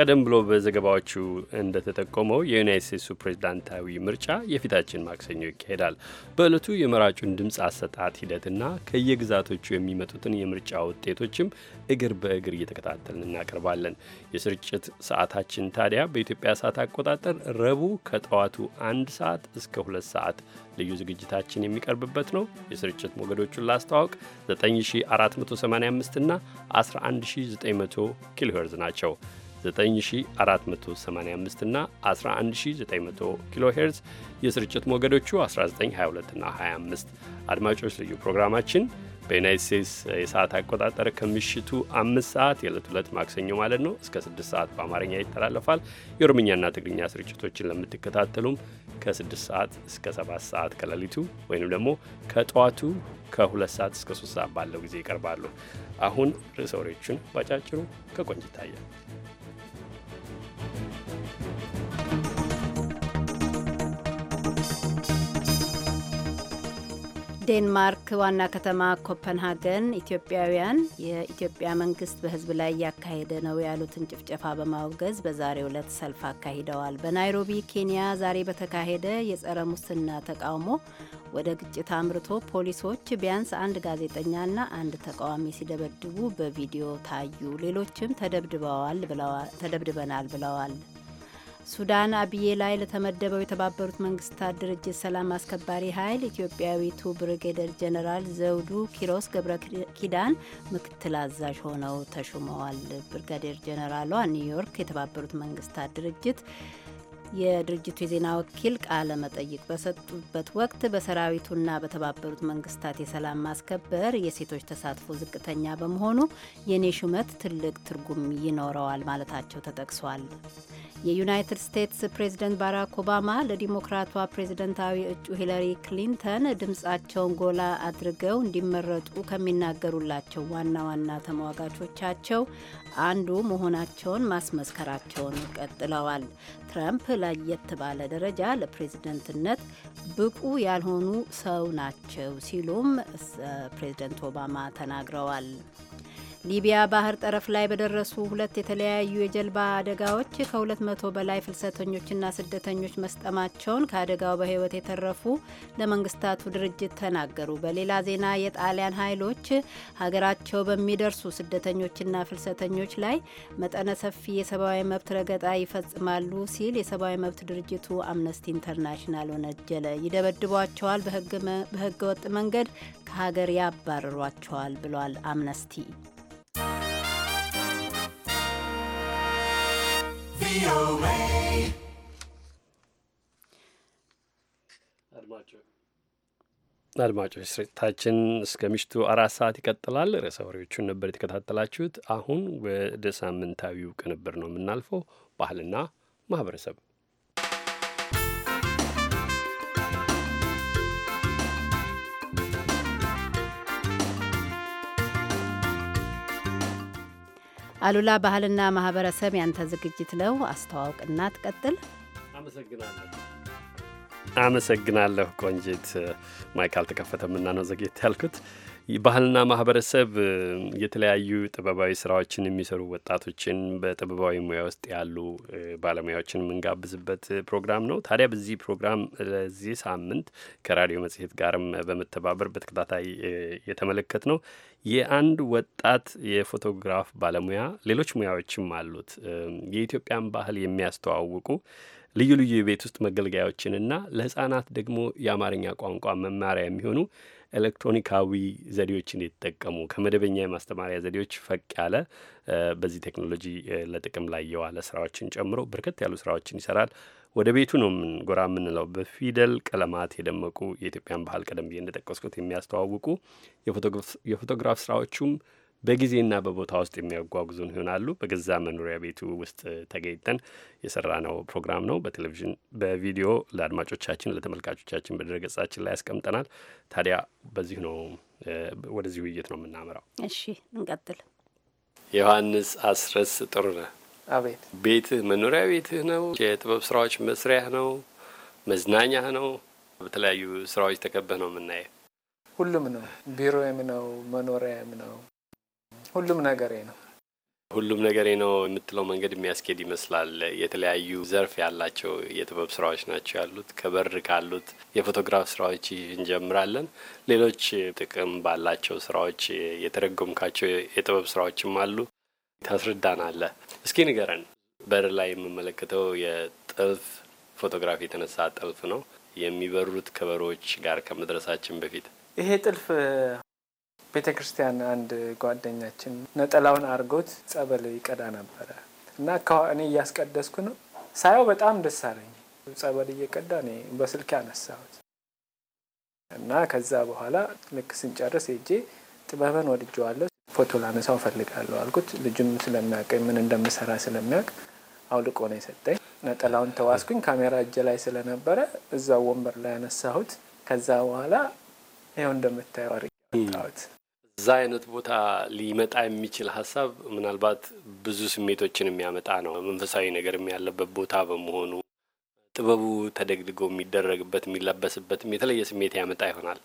ቀደም ብሎ በዘገባዎቹ እንደተጠቆመው የዩናይት ስቴትሱ ፕሬዝዳንታዊ ምርጫ የፊታችን ማክሰኞ ይካሄዳል። በዕለቱ የመራጩን ድምፅ ሂደት ሂደትና ከየግዛቶቹ የሚመጡትን የምርጫ ውጤቶችም እግር በእግር እየተከታተልን እናቀርባለን። የስርጭት ሰዓታችን ታዲያ በኢትዮጵያ ሰዓት አቆጣጠር ረቡዕ ከጠዋቱ አንድ ሰዓት እስከ ሁለት ሰዓት ልዩ ዝግጅታችን የሚቀርብበት ነው። የስርጭት ሞገዶቹን ላስተዋወቅ 9485 እና 11900 ኪሎሄርዝ ናቸው። 9485 እና 11900 ኪሎ ሄርዝ የስርጭት ሞገዶቹ 1922 እና 25። አድማጮች ልዩ ፕሮግራማችን በዩናይት ስቴትስ የሰዓት አቆጣጠር ከምሽቱ አምስት ሰዓት የዕለት ሁለት ማክሰኞ ማለት ነው እስከ ስድስት ሰዓት በአማርኛ ይተላለፋል። የኦሮምኛና ትግርኛ ስርጭቶችን ለምትከታተሉም ከስድስት ሰዓት እስከ ሰባት ሰዓት ከሌሊቱ ወይንም ደግሞ ከጠዋቱ ከሁለት ሰዓት እስከ ሶስት ሰዓት ባለው ጊዜ ይቀርባሉ። አሁን ርዕሰ ወሬዎቹን ባጫጭሩ ከቆንጅ ይታያል። ዴንማርክ ዋና ከተማ ኮፐንሃገን ኢትዮጵያውያን የኢትዮጵያ መንግስት በህዝብ ላይ እያካሄደ ነው ያሉትን ጭፍጨፋ በማውገዝ በዛሬው ዕለት ሰልፍ አካሂደዋል። በናይሮቢ ኬንያ ዛሬ በተካሄደ የጸረ ሙስና ተቃውሞ ወደ ግጭት አምርቶ ፖሊሶች ቢያንስ አንድ ጋዜጠኛና አንድ ተቃዋሚ ሲደበድቡ በቪዲዮ ታዩ። ሌሎችም ተደብድበናል ብለዋል። ሱዳን አብዬ ላይ ለተመደበው የተባበሩት መንግስታት ድርጅት ሰላም አስከባሪ ኃይል ኢትዮጵያዊቱ ብርጌደር ጀነራል ዘውዱ ኪሮስ ገብረ ኪዳን ምክትል አዛዥ ሆነው ተሹመዋል። ብርጋዴር ጀነራሏ ኒውዮርክ የተባበሩት መንግስታት ድርጅት የድርጅቱ የዜና ወኪል ቃለ መጠይቅ በሰጡበት ወቅት በሰራዊቱና በተባበሩት መንግስታት የሰላም ማስከበር የሴቶች ተሳትፎ ዝቅተኛ በመሆኑ የኔ ሹመት ትልቅ ትርጉም ይኖረዋል ማለታቸው ተጠቅሷል። የዩናይትድ ስቴትስ ፕሬዝደንት ባራክ ኦባማ ለዲሞክራቷ ፕሬዝደንታዊ እጩ ሂለሪ ክሊንተን ድምፃቸውን ጎላ አድርገው እንዲመረጡ ከሚናገሩላቸው ዋና ዋና ተሟጋቾቻቸው አንዱ መሆናቸውን ማስመስከራቸውን ቀጥለዋል። ትራምፕ ለየት ባለ ደረጃ ለፕሬዝደንትነት ብቁ ያልሆኑ ሰው ናቸው ሲሉም ፕሬዝደንት ኦባማ ተናግረዋል። ሊቢያ ባህር ጠረፍ ላይ በደረሱ ሁለት የተለያዩ የጀልባ አደጋዎች ከ200 በላይ ፍልሰተኞችና ስደተኞች መስጠማቸውን ከአደጋው በሕይወት የተረፉ ለመንግስታቱ ድርጅት ተናገሩ። በሌላ ዜና የጣሊያን ኃይሎች ሀገራቸው በሚደርሱ ስደተኞችና ፍልሰተኞች ላይ መጠነ ሰፊ የሰብአዊ መብት ረገጣ ይፈጽማሉ ሲል የሰብአዊ መብት ድርጅቱ አምነስቲ ኢንተርናሽናል ወነጀለ። ይደበድቧቸዋል፣ በህገ ወጥ መንገድ ከሀገር ያባርሯቸዋል ብሏል አምነስቲ። ቪኦኤ አድማጮች ስርጭታችን እስከ ምሽቱ አራት ሰዓት ይቀጥላል። ርዕሰ ወሬዎቹን ነበር የተከታተላችሁት። አሁን ወደ ሳምንታዊው ቅንብር ነው የምናልፈው። ባህልና ማህበረሰብ አሉላ ባህልና ማህበረሰብ ያንተ ዝግጅት ነው። አስተዋውቅና ትቀጥል። አመሰግናለሁ። አመሰግናለሁ ቆንጂት። ማይክ አልተከፈተም እና ነው ዘግየት ያልኩት። ባህልና ማህበረሰብ የተለያዩ ጥበባዊ ስራዎችን የሚሰሩ ወጣቶችን በጥበባዊ ሙያ ውስጥ ያሉ ባለሙያዎችን የምንጋብዝበት ፕሮግራም ነው። ታዲያ በዚህ ፕሮግራም ለዚህ ሳምንት ከራዲዮ መጽሔት ጋርም በመተባበር በተከታታይ የተመለከት ነው የአንድ ወጣት የፎቶግራፍ ባለሙያ ሌሎች ሙያዎችም አሉት የኢትዮጵያን ባህል የሚያስተዋውቁ ልዩ ልዩ የቤት ውስጥ መገልገያዎችንና ለህጻናት ደግሞ የአማርኛ ቋንቋ መማሪያ የሚሆኑ ኤሌክትሮኒካዊ ዘዴዎችን የተጠቀሙ ከመደበኛ የማስተማሪያ ዘዴዎች ፈቅ ያለ በዚህ ቴክኖሎጂ ለጥቅም ላይ የዋለ ስራዎችን ጨምሮ በርከት ያሉ ስራዎችን ይሰራል። ወደ ቤቱ ነው ምን ጎራ የምንለው በፊደል ቀለማት የደመቁ የኢትዮጵያን ባህል ቀደም ብዬ እንደጠቀስኩት የሚያስተዋውቁ የፎቶግራፍ ስራዎቹም በጊዜና በቦታ ውስጥ የሚያጓጉዙን ይሆናሉ። በገዛ መኖሪያ ቤቱ ውስጥ ተገኝተን የሰራ ነው ፕሮግራም ነው። በቴሌቪዥን በቪዲዮ ለአድማጮቻችን ለተመልካቾቻችን በድረገጻችን ላይ ያስቀምጠናል። ታዲያ በዚህ ነው ወደዚህ ውይይት ነው የምናመራው። እሺ እንቀጥል። ዮሐንስ አስረስ ጥሩነህ፣ አቤት። ቤትህ መኖሪያ ቤትህ ነው፣ የጥበብ ስራዎች መስሪያህ ነው፣ መዝናኛህ ነው። በተለያዩ ስራዎች ተከበህ ነው የምናየው። ሁሉም ነው፣ ቢሮ የምነው መኖሪያ የምነው ሁሉም ነገሬ ነው ሁሉም ነገሬ ነው የምትለው መንገድ የሚያስኬድ ይመስላል። የተለያዩ ዘርፍ ያላቸው የጥበብ ስራዎች ናቸው ያሉት። ከበር ካሉት የፎቶግራፍ ስራዎች እንጀምራለን። ሌሎች ጥቅም ባላቸው ስራዎች የተረጎምካቸው የጥበብ ስራዎችም አሉ። ታስረዳናለህ። እስኪ ንገረን። በር ላይ የምመለከተው የጥልፍ ፎቶግራፍ የተነሳ ጥልፍ ነው። የሚበሩት ከበሮች ጋር ከመድረሳችን በፊት ይሄ ጥልፍ ቤተ ክርስቲያን አንድ ጓደኛችን ነጠላውን አርጎት ጸበል ይቀዳ ነበረ እና እኔ እያስቀደስኩ ነው ሳየው በጣም ደስ አለኝ። ጸበል እየቀዳ እኔ በስልክ ያነሳሁት እና ከዛ በኋላ ልክ ስንጨርስ ሄጄ ጥበበን ወድጀዋለሁ፣ ፎቶ ላነሳው ፈልጋለሁ አልኩት። ልጁም ስለሚያውቅ ምን እንደምሰራ ስለሚያውቅ አውልቆ ነው የሰጠኝ። ነጠላውን ተዋስኩኝ። ካሜራ እጀ ላይ ስለነበረ እዛው ወንበር ላይ ያነሳሁት። ከዛ በኋላ ይኸው እንደምታየው አድርጌ እዛ አይነት ቦታ ሊመጣ የሚችል ሀሳብ ምናልባት ብዙ ስሜቶችን የሚያመጣ ነው። መንፈሳዊ ነገርም ያለበት ቦታ በመሆኑ ጥበቡ ተደግድጎ የሚደረግበት የሚለበስበትም የተለየ ስሜት ያመጣ ይሆናል።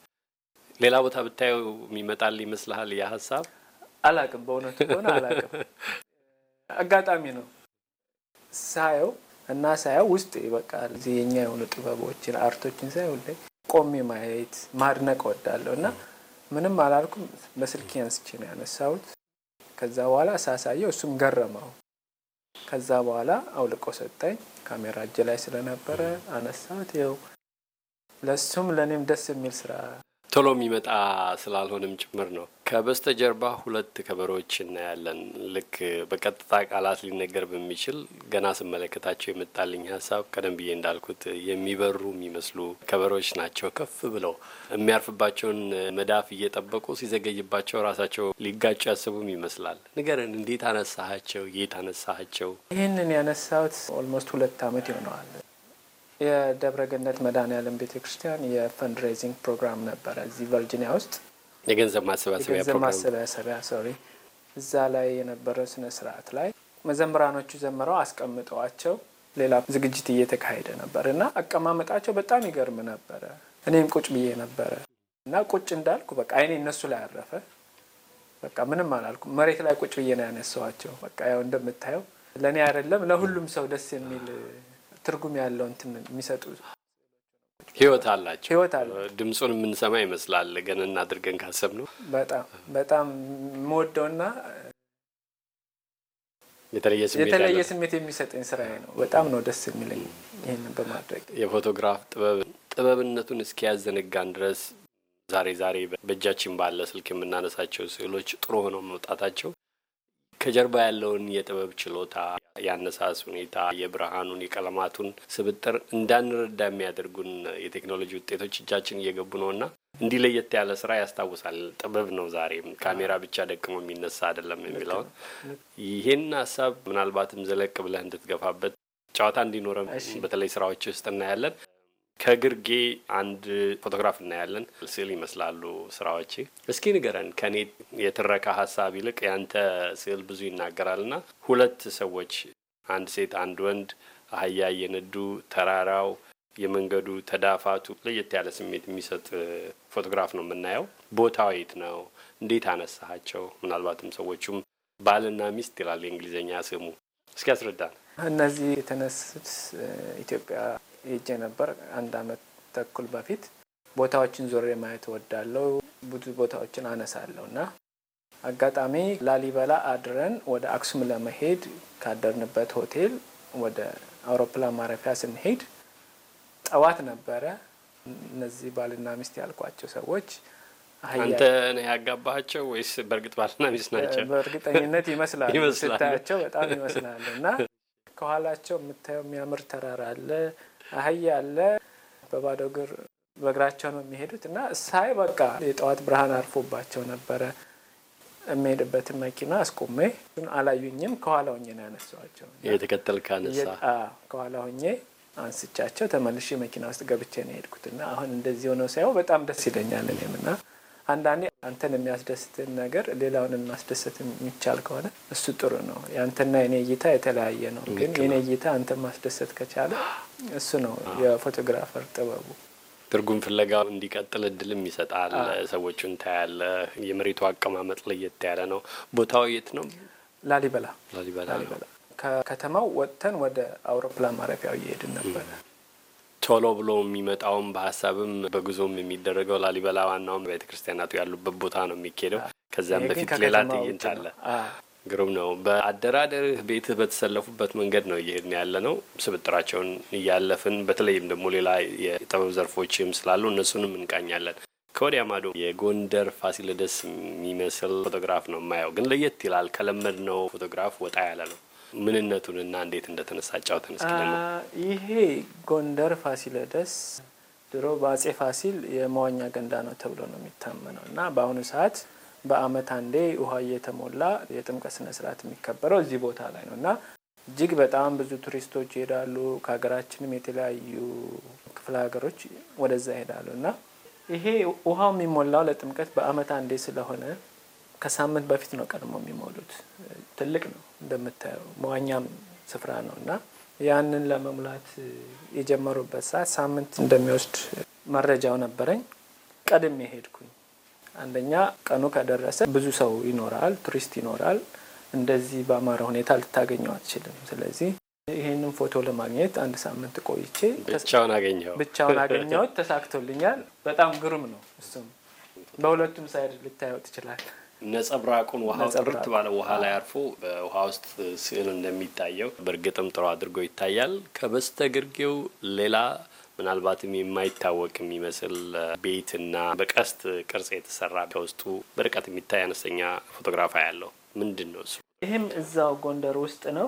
ሌላ ቦታ ብታየው የሚመጣል ይመስልሃል? ያ ሀሳብ አላቅም፣ በእውነቱ ሆነ አላቅም። አጋጣሚ ነው ሳየው እና ሳየው ውስጥ ይበቃል። እዚህ የኛ የሆኑ ጥበቦችን አርቶችን ሳይ ሁሌ ቆሜ ማየት ማድነቅ ወዳለሁ እና ምንም አላልኩም። በስልክ አንስቼ ነው ያነሳሁት። ከዛ በኋላ ሳሳየው እሱም ገረመው። ከዛ በኋላ አውልቆ ሰጠኝ። ካሜራ እጄ ላይ ስለነበረ አነሳት። ይኸው ለእሱም ለእኔም ደስ የሚል ስራ ቶሎ የሚመጣ ስላልሆንም ጭምር ነው። ከበስተጀርባ ሁለት ከበሮዎች እናያለን። ልክ በቀጥታ ቃላት ሊነገር በሚችል ገና ስመለከታቸው የመጣልኝ ሀሳብ ቀደም ብዬ እንዳልኩት የሚበሩ የሚመስሉ ከበሮዎች ናቸው። ከፍ ብለው የሚያርፍባቸውን መዳፍ እየጠበቁ ሲዘገይባቸው ራሳቸው ሊጋጩ ያስቡም ይመስላል። ንገረን፣ እንዴት አነሳሃቸው? የት አነሳሃቸው? ይህንን ያነሳሁት ኦልሞስት ሁለት ዓመት ይሆነዋል። የደብረ ገነት መድኃኔዓለም ቤተ ክርስቲያን የፈንድሬዚንግ ፕሮግራም ነበረ እዚህ ቨርጂኒያ ውስጥ የገንዘብ ማሰባሰቢያ ማሰባሰቢያ ሶሪ እዛ ላይ የነበረው ስነ ስርአት ላይ መዘምራኖቹ ዘምረው አስቀምጠዋቸው ሌላ ዝግጅት እየተካሄደ ነበር እና አቀማመጣቸው በጣም ይገርም ነበረ። እኔም ቁጭ ብዬ ነበረ እና ቁጭ እንዳልኩ በቃ አይኔ እነሱ ላይ አረፈ። በቃ ምንም አላልኩ። መሬት ላይ ቁጭ ብዬ ነው ያነሰዋቸው በቃ ያው እንደምታየው ለእኔ አይደለም ለሁሉም ሰው ደስ የሚል ትርጉም ያለው እንትን የሚሰጡ ህይወት አላቸው። ህይወት አለ። ድምፁን የምንሰማ ይመስላል ገን እናድርገን ካሰብ ነው። በጣም በጣም የምወደውና የተለየ ስሜት የሚሰጠኝ ስራ ነው። በጣም ነው ደስ የሚለኝ ይህንን በማድረግ የፎቶግራፍ ጥበብ ጥበብነቱን እስኪያዘነጋን ድረስ ዛሬ ዛሬ በእጃችን ባለ ስልክ የምናነሳቸው ስዕሎች ጥሩ ሆነው መውጣታቸው ከጀርባ ያለውን የጥበብ ችሎታ፣ የአነሳስ ሁኔታ፣ የብርሃኑን፣ የቀለማቱን ስብጥር እንዳንረዳ የሚያደርጉን የቴክኖሎጂ ውጤቶች እጃችን እየገቡ ነውና እንዲህ ለየት ያለ ስራ ያስታውሳል። ጥበብ ነው ዛሬም ካሜራ ብቻ ደቅሞ የሚነሳ አይደለም የሚለውን ይህን ሀሳብ ምናልባትም ዘለቅ ብለህ እንድትገፋበት ጨዋታ እንዲኖረም በተለይ ስራዎች ውስጥ እናያለን። ከግርጌ አንድ ፎቶግራፍ እናያለን። ስዕል ይመስላሉ ስራዎች። እስኪ ንገረን፣ ከኔ የትረካ ሀሳብ ይልቅ ያንተ ስዕል ብዙ ና ሁለት ሰዎች፣ አንድ ሴት፣ አንድ ወንድ አህያ እየነዱ ተራራው፣ የመንገዱ ተዳፋቱ ለየት ያለ ስሜት የሚሰጥ ፎቶግራፍ ነው የምናየው። ቦታው የት ነው? እንዴት አነሳሃቸው? ምናልባትም ሰዎቹም ባልና ሚስት ይላል የእንግሊዝኛ ስሙ። እስኪ ያስረዳን። እነዚህ የተነሱት ኢትዮጵያ ሄጀ ነበር አንድ አመት ተኩል በፊት። ቦታዎችን ዞሬ ማየት ወዳለው ብዙ ቦታዎችን አነሳለሁ እና አጋጣሚ ላሊበላ አድረን ወደ አክሱም ለመሄድ ካደርንበት ሆቴል ወደ አውሮፕላን ማረፊያ ስንሄድ ጠዋት ነበረ። እነዚህ ባልና ሚስት ያልኳቸው ሰዎች አንተ ነ ያጋባቸው ወይስ በእርግጥ ባልና ሚስት ናቸው? በእርግጠኝነት ይመስላሉ፣ ስታያቸው በጣም ይመስላሉ። እና ከኋላቸው የምታየው የሚያምር ተራራ አለ አህያ አለ። በባዶ እግር በእግራቸው ነው የሚሄዱት እና እሳይ በቃ የጠዋት ብርሃን አርፎባቸው ነበረ። የሚሄድበትን መኪና አስቁሜ ግን አላዩኝም። ከኋላ ሆኜ ነው ያነሳኋቸው። የተከተል ካነሳ ከኋላ ሆኜ አንስቻቸው ተመልሼ መኪና ውስጥ ገብቼ ነው የሄድኩት እና አሁን እንደዚህ ሆነው ሳይሆን በጣም ደስ ይለኛል እኔም እና አንዳንዴ አንተን የሚያስደስትን ነገር ሌላውን ማስደሰት የሚቻል ከሆነ እሱ ጥሩ ነው። የአንተና የኔ እይታ የተለያየ ነው፣ ግን የኔ እይታ አንተ ማስደሰት ከቻለ እሱ ነው የፎቶግራፈር ጥበቡ። ትርጉም ፍለጋው እንዲቀጥል እድልም ይሰጣል። ሰዎቹን ታያለ። የመሬቱ አቀማመጥ ለየት ያለ ነው። ቦታው የት ነው? ላሊበላ ላሊበላ ከከተማው ወጥተን ወደ አውሮፕላን ማረፊያው እየሄድን ነበረ ቶሎ ብሎ የሚመጣውም በሀሳብም በጉዞም የሚደረገው ላሊበላ ዋናውም ቤተ ክርስቲያናቱ ያሉበት ቦታ ነው የሚካሄደው። ከዚያም በፊት ሌላ ትዕይንት አለ። ግሩም ነው። በአደራደርህ ቤትህ በተሰለፉበት መንገድ ነው እየሄድን ያለ ነው። ስብጥራቸውን እያለፍን በተለይም ደግሞ ሌላ የጥበብ ዘርፎችም ስላሉ እነሱንም እንቃኛለን። ከወዲያ ማዶ የጎንደር ፋሲለደስ የሚመስል ፎቶግራፍ ነው የማየው፣ ግን ለየት ይላል። ከለመድ ነው ፎቶግራፍ ወጣ ያለ ነው። ምንነቱንና እንዴት እንደተነሳ ጫውተን እስኪ ይሄ ጎንደር ፋሲለደስ ድሮ በአጼ ፋሲል የመዋኛ ገንዳ ነው ተብሎ ነው የሚታመነው እና በአሁኑ ሰዓት በአመት አንዴ ውሃ እየተሞላ የጥምቀት ስነ ስርዓት የሚከበረው እዚህ ቦታ ላይ ነው እና እጅግ በጣም ብዙ ቱሪስቶች ይሄዳሉ። ከሀገራችንም የተለያዩ ክፍለ ሀገሮች ወደዛ ይሄዳሉ እና ይሄ ውሃው የሚሞላው ለጥምቀት በአመት አንዴ ስለሆነ ከሳምንት በፊት ነው ቀድሞ የሚሞሉት። ትልቅ ነው እንደምታየው መዋኛም ስፍራ ነው እና ያንን ለመሙላት የጀመሩበት ሰዓት ሳምንት እንደሚወስድ መረጃው ነበረኝ። ቀድሜ ሄድኩኝ። አንደኛ ቀኑ ከደረሰ ብዙ ሰው ይኖራል፣ ቱሪስት ይኖራል። እንደዚህ በአማረ ሁኔታ ልታገኘው አትችልም። ስለዚህ ይህንን ፎቶ ለማግኘት አንድ ሳምንት ቆይቼ ብቻውን አገኘው ብቻውን አገኘሁት። ተሳክቶልኛል። በጣም ግሩም ነው። እሱም በሁለቱም ሳይድ ልታየው ትችላል። ነጸብራቁን ውሃ ጥርት ባለ ውሃ ላይ አርፎ በውሃ ውስጥ ስዕል እንደሚታየው በእርግጥም ጥሩ አድርጎ ይታያል። ከበስተግርጌው ሌላ ምናልባትም የማይታወቅ የሚመስል ቤትና በቀስት ቅርጽ የተሰራ ከውስጡ በርቀት የሚታይ አነስተኛ ፎቶግራፍ ያለው ምንድን ነው እሱ? ይህም እዛው ጎንደር ውስጥ ነው።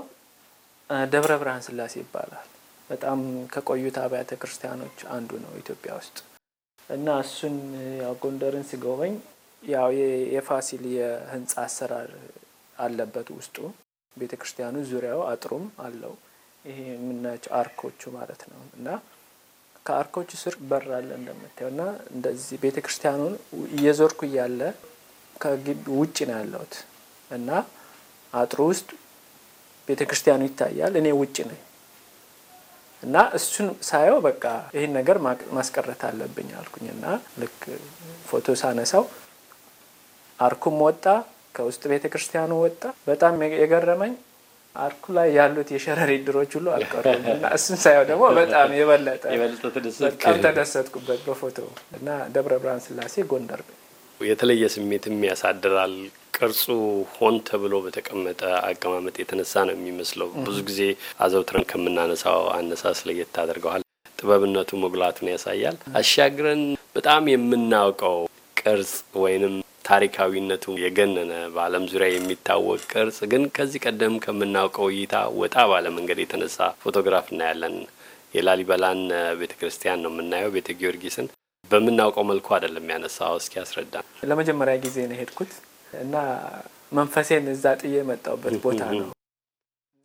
ደብረ ብርሃን ስላሴ ይባላል። በጣም ከቆዩት አብያተ ክርስቲያኖች አንዱ ነው ኢትዮጵያ ውስጥ እና እሱን ያው ጎንደርን ሲጎበኝ ያው የፋሲል የህንፃ አሰራር አለበት ውስጡ ቤተ ክርስቲያኑ ዙሪያው አጥሩም አለው። ይሄ የምናያቸው አርኮቹ ማለት ነው እና ከአርኮቹ ስር በር አለ እንደምታየው እና እንደዚህ ቤተ ክርስቲያኑን እየዞርኩ እያለ ከግቢ ውጭ ነው ያለሁት እና አጥሩ ውስጥ ቤተ ክርስቲያኑ ይታያል። እኔ ውጭ ነኝ እና እሱን ሳየው በቃ ይህን ነገር ማስቀረት አለብኝ አልኩኝ እና ልክ ፎቶ ሳነሳው አርኩም ወጣ፣ ከውስጥ ቤተ ክርስቲያኑ ወጣ። በጣም የገረመኝ አርኩ ላይ ያሉት የሸረሪ ድሮች ሁሉ አልቀሩም እና እሱን ሳየው ደግሞ በጣም የበለጠ ተደሰትኩበት በፎቶ እና ደብረ ብርሃን ስላሴ ጎንደር የተለየ ስሜትም ያሳድራል። ቅርጹ ሆን ተብሎ በተቀመጠ አቀማመጥ የተነሳ ነው የሚመስለው። ብዙ ጊዜ አዘውትረን ከምናነሳው አነሳስ ለየት ታደርገዋል። ጥበብነቱ መጉላቱን ያሳያል። አሻግረን በጣም የምናውቀው ቅርጽ ወይንም ታሪካዊነቱ የገነነ በዓለም ዙሪያ የሚታወቅ ቅርጽ ግን ከዚህ ቀደም ከምናውቀው እይታ ወጣ ባለ መንገድ የተነሳ ፎቶግራፍ እናያለን። የላሊበላን ቤተ ክርስቲያን ነው የምናየው። ቤተ ጊዮርጊስን በምናውቀው መልኩ አይደለም ያነሳው። እስኪ ያስረዳ። ለመጀመሪያ ጊዜ ነው የሄድኩት እና መንፈሴን እዛ ጥዬ የመጣውበት ቦታ ነው።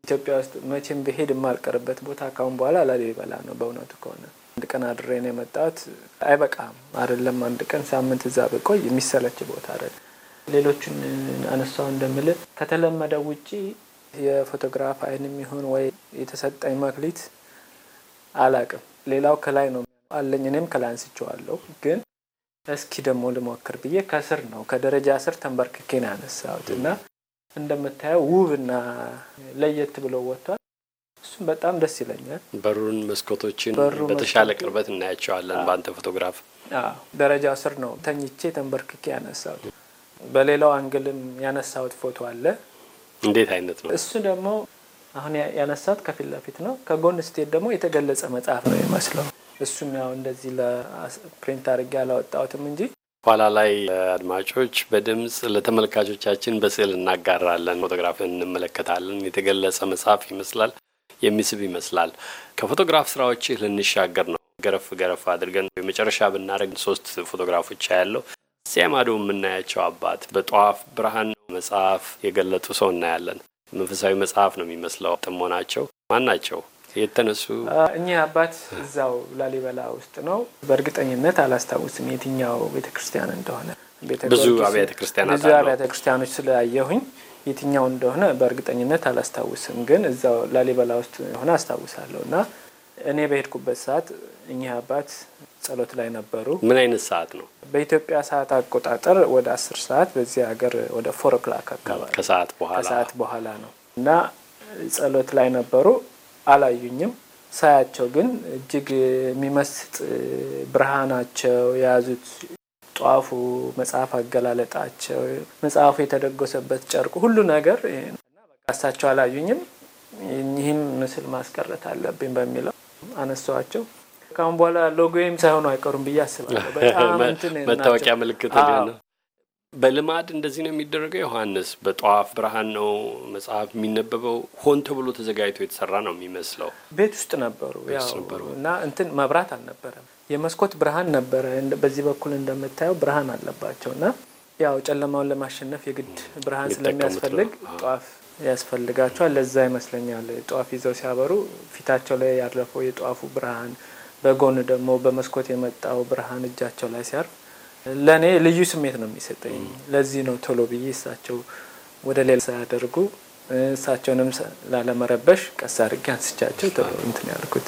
ኢትዮጵያ ውስጥ መቼም ብሄድ የማልቀርበት ቦታ ካሁን በኋላ ላሊበላ ነው በእውነቱ ከሆነ አንድ ቀን አድሬ ነው የመጣሁት። አይበቃም አይደለም አንድ ቀን ሳምንት እዛ ብቆይ የሚሰለች ቦታ አይደለም። ሌሎችን አነሳው እንደምል ከተለመደው ውጪ የፎቶግራፍ አይን የሚሆን ወይ የተሰጠኝ መክሊት አላቅም። ሌላው ከላይ ነው አለኝ፣ እኔም ከላይ አንስቼዋለሁ። ግን እስኪ ደግሞ ልሞክር ብዬ ከስር ነው ከደረጃ ስር ተንበርክኬ ነው ያነሳሁት እና እንደምታየው ውብና ለየት ብሎ ወጥቷል። እሱም በጣም ደስ ይለኛል። በሩን መስኮቶችን በተሻለ ቅርበት እናያቸዋለን። በአንተ ፎቶግራፍ ደረጃ ስር ነው ተኝቼ ተንበርክኬ ያነሳሁት። በሌላው አንግልም ያነሳሁት ፎቶ አለ። እንዴት አይነት ነው እሱ? ደግሞ አሁን ያነሳሁት ከፊት ለፊት ነው። ከጎን ስቴት ደግሞ የተገለጸ መጽሐፍ ነው ይመስለው። እሱም ያው እንደዚህ ለፕሪንት አድርጌ አላወጣሁትም እንጂ ኋላ ላይ አድማጮች በድምፅ ለተመልካቾቻችን በስዕል እናጋራለን። ፎቶግራፍን እንመለከታለን። የተገለጸ መጽሐፍ ይመስላል። የሚስብ ይመስላል። ከፎቶግራፍ ስራዎችህ ልንሻገር ነው። ገረፍ ገረፍ አድርገን የመጨረሻ ብናደረግ ሶስት ፎቶግራፎች ያለው እዚያ ማዶ የምናያቸው አባት በጠዋፍ ብርሃን መጽሐፍ የገለጡ ሰው እናያለን። መንፈሳዊ መጽሐፍ ነው የሚመስለው። ጥሞናቸው ማን ናቸው? የተነሱ እኚህ አባት እዛው ላሊበላ ውስጥ ነው። በእርግጠኝነት አላስታውስም የትኛው ቤተክርስቲያን እንደሆነ ብዙ አብያተ ክርስቲያናት ብዙ ክርስቲያኖች ስላየሁኝ የትኛው እንደሆነ በእርግጠኝነት አላስታውስም፣ ግን እዛው ላሊበላ ውስጥ የሆነ አስታውሳለሁ እና እኔ በሄድኩበት ሰዓት እኚህ አባት ጸሎት ላይ ነበሩ። ምን አይነት ሰዓት ነው? በኢትዮጵያ ሰዓት አቆጣጠር ወደ አስር ሰዓት በዚህ ሀገር ወደ ፎር ኦክላክ አካባቢ ከሰዓት በኋላ ነው እና ጸሎት ላይ ነበሩ። አላዩኝም። ሳያቸው ግን እጅግ የሚመስጥ ብርሃናቸው የያዙት ጧፉ፣ መጽሐፍ አገላለጣቸው፣ መጽሐፉ የተደጎሰበት ጨርቁ፣ ሁሉ ነገር እሳቸው አላዩኝም። ይህን ምስል ማስቀረት አለብኝ በሚለው አነሳኋቸው። ካሁን በኋላ ሎጎዬም ሳይሆኑ አይቀሩም ብዬ አስባለሁ። <laughs> መታወቂያ ምልክት ነው። በልማድ እንደዚህ ነው የሚደረገው። ዮሐንስ በጧፍ ብርሃን ነው መጽሐፍ የሚነበበው። ሆን ተብሎ ተዘጋጅቶ የተሰራ ነው የሚመስለው። ቤት ውስጥ ነበሩ እና እንትን መብራት አልነበረም። የመስኮት ብርሃን ነበረ። በዚህ በኩል እንደምታየው ብርሃን አለባቸው እና ያው ጨለማውን ለማሸነፍ የግድ ብርሃን ስለሚያስፈልግ ጧፍ ያስፈልጋቸዋል። ለዛ ይመስለኛል ጧፍ ይዘው ሲያበሩ ፊታቸው ላይ ያረፈው የጧፉ ብርሃን፣ በጎን ደግሞ በመስኮት የመጣው ብርሃን እጃቸው ላይ ሲያርፍ ለእኔ ልዩ ስሜት ነው የሚሰጠኝ። ለዚህ ነው ቶሎ ብዬ እሳቸው ወደ ሌላ ሳያደርጉ እሳቸውንም ላለመረበሽ ቀስ አድርጌ አንስቻቸው ቶሎ እንትን ያልኩት።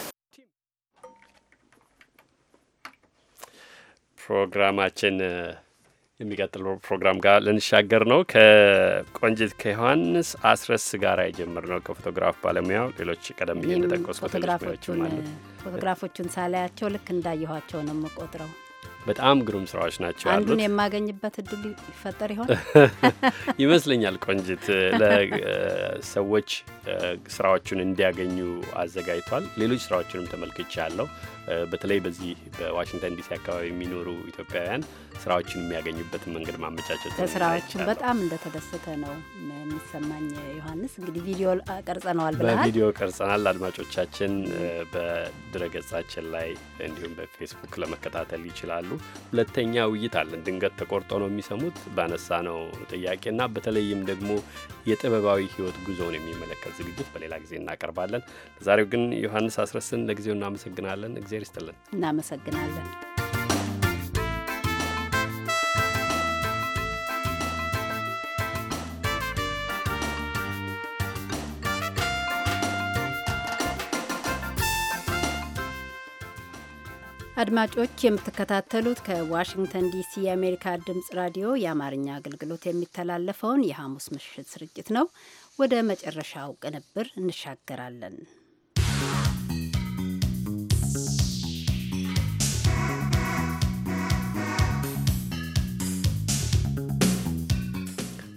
ፕሮግራማችን የሚቀጥለው ፕሮግራም ጋር ልንሻገር ነው። ከቆንጅት ከዮሐንስ አስረስ ጋር ነው ከፎቶግራፍ ባለሙያው ሌሎች ቀደም እየተጠቀሱ ፎቶግራፎቹን ሳላያቸው ልክ እንዳየኋቸው ነው የምቆጥረው። በጣም ግሩም ስራዎች ናቸው ያሉት። አንዱን የማገኝበት እድል ይፈጠር ይሆን <laughs> ይመስለኛል። ቆንጅት ለሰዎች ስራዎቹን እንዲያገኙ አዘጋጅቷል። ሌሎች ስራዎችንም ተመልክቻ ያለው በተለይ በዚህ በዋሽንግተን ዲሲ አካባቢ የሚኖሩ ኢትዮጵያውያን ስራዎችን የሚያገኙበትን መንገድ ማመቻቸት ስራዎችን በጣም እንደተደሰተ ነው የሚሰማኝ። ዮሐንስ እንግዲህ ቪዲዮ ቀርጸነዋል ብለሃል። በቪዲዮ ቀርጸናል። አድማጮቻችን በድረገጻችን ላይ እንዲሁም በፌስቡክ ለመከታተል ይችላሉ። ሁለተኛ ውይይት አለን። ድንገት ተቆርጦ ነው የሚሰሙት ባነሳ ነው ጥያቄና በተለይም ደግሞ የጥበባዊ ህይወት ጉዞውን የሚመለከት ዝግጅት በሌላ ጊዜ እናቀርባለን። ዛሬው ግን ዮሐንስ አስረስን ለጊዜው እናመሰግናለን። እግዜር ይስጥልን። እናመሰግናለን። አድማጮች የምትከታተሉት ከዋሽንግተን ዲሲ የአሜሪካ ድምፅ ራዲዮ የአማርኛ አገልግሎት የሚተላለፈውን የሐሙስ ምሽት ስርጭት ነው። ወደ መጨረሻው ቅንብር እንሻገራለን።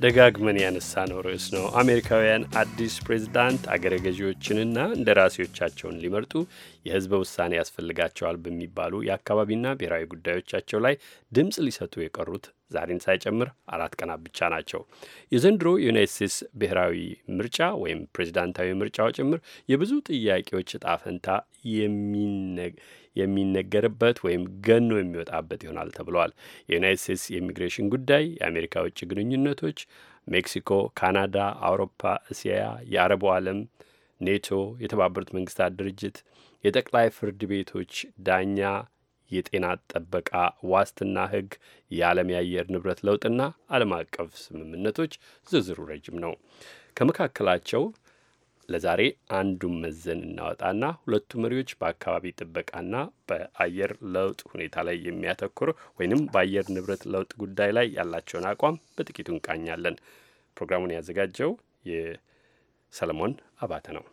ደጋግመን ያነሳ ነው ርዕስ ነው። አሜሪካውያን አዲስ ፕሬዝዳንት አገረ ገዢዎችንና እንደራሴዎቻቸውን ሊመርጡ የህዝበ ውሳኔ ያስፈልጋቸዋል በሚባሉ የአካባቢና ብሔራዊ ጉዳዮቻቸው ላይ ድምፅ ሊሰጡ የቀሩት ዛሬን ሳይጨምር አራት ቀናት ብቻ ናቸው። የዘንድሮ የዩናይት ስቴትስ ብሔራዊ ምርጫ ወይም ፕሬዝዳንታዊ ምርጫው ጭምር የብዙ ጥያቄዎች እጣ ፈንታ የሚነገርበት ወይም ገኖ የሚወጣበት ይሆናል ተብሏል። የዩናይት ስቴትስ የኢሚግሬሽን ጉዳይ፣ የአሜሪካ ውጭ ግንኙነቶች፣ ሜክሲኮ፣ ካናዳ፣ አውሮፓ፣ እስያ፣ የአረቡ ዓለም፣ ኔቶ፣ የተባበሩት መንግስታት ድርጅት፣ የጠቅላይ ፍርድ ቤቶች ዳኛ፣ የጤና ጥበቃ ዋስትና ህግ፣ የዓለም የአየር ንብረት ለውጥና ዓለም አቀፍ ስምምነቶች ዝርዝሩ ረጅም ነው። ከመካከላቸው ለዛሬ አንዱን መዘን እናወጣና ሁለቱ መሪዎች በአካባቢ ጥበቃና በአየር ለውጥ ሁኔታ ላይ የሚያተኩር ወይንም በአየር ንብረት ለውጥ ጉዳይ ላይ ያላቸውን አቋም በጥቂቱ እንቃኛለን። ፕሮግራሙን ያዘጋጀው የሰለሞን አባተ ነው።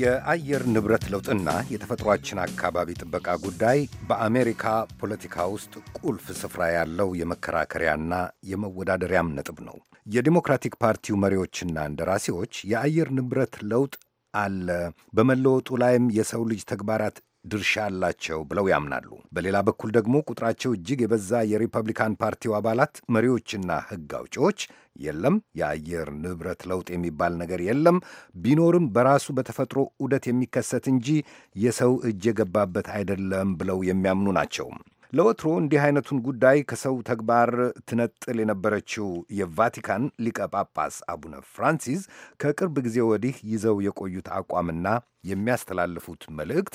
የአየር ንብረት ለውጥና የተፈጥሯችን አካባቢ ጥበቃ ጉዳይ በአሜሪካ ፖለቲካ ውስጥ ቁልፍ ስፍራ ያለው የመከራከሪያና የመወዳደሪያም ነጥብ ነው። የዲሞክራቲክ ፓርቲው መሪዎችና እንደራሴዎች የአየር ንብረት ለውጥ አለ፣ በመለወጡ ላይም የሰው ልጅ ተግባራት ድርሻ አላቸው ብለው ያምናሉ። በሌላ በኩል ደግሞ ቁጥራቸው እጅግ የበዛ የሪፐብሊካን ፓርቲው አባላት መሪዎችና ሕግ አውጪዎች የለም፣ የአየር ንብረት ለውጥ የሚባል ነገር የለም፣ ቢኖርም በራሱ በተፈጥሮ ዑደት የሚከሰት እንጂ የሰው እጅ የገባበት አይደለም ብለው የሚያምኑ ናቸው። ለወትሮ እንዲህ አይነቱን ጉዳይ ከሰው ተግባር ትነጥል የነበረችው የቫቲካን ሊቀ ጳጳስ አቡነ ፍራንሲስ ከቅርብ ጊዜ ወዲህ ይዘው የቆዩት አቋምና የሚያስተላልፉት መልእክት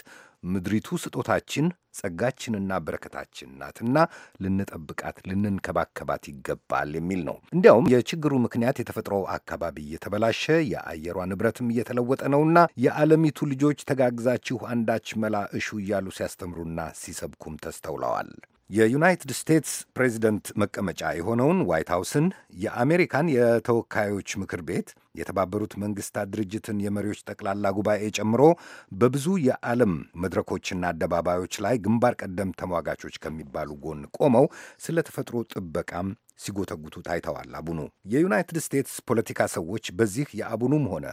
ምድሪቱ ስጦታችን ጸጋችንና በረከታችን ናትና ልንጠብቃት፣ ልንንከባከባት ይገባል የሚል ነው። እንዲያውም የችግሩ ምክንያት የተፈጥሮ አካባቢ እየተበላሸ የአየሯ ንብረትም እየተለወጠ ነውና የዓለሚቱ ልጆች ተጋግዛችሁ አንዳች መላ እሹ እያሉ ሲያስተምሩና ሲሰብኩም ተስተውለዋል። የዩናይትድ ስቴትስ ፕሬዚደንት መቀመጫ የሆነውን ዋይት ሀውስን፣ የአሜሪካን የተወካዮች ምክር ቤት፣ የተባበሩት መንግስታት ድርጅትን የመሪዎች ጠቅላላ ጉባኤ ጨምሮ በብዙ የዓለም መድረኮችና አደባባዮች ላይ ግንባር ቀደም ተሟጋቾች ከሚባሉ ጎን ቆመው ስለ ተፈጥሮ ጥበቃም ሲጎተጉቱ ታይተዋል። አቡኑ የዩናይትድ ስቴትስ ፖለቲካ ሰዎች በዚህ የአቡኑም ሆነ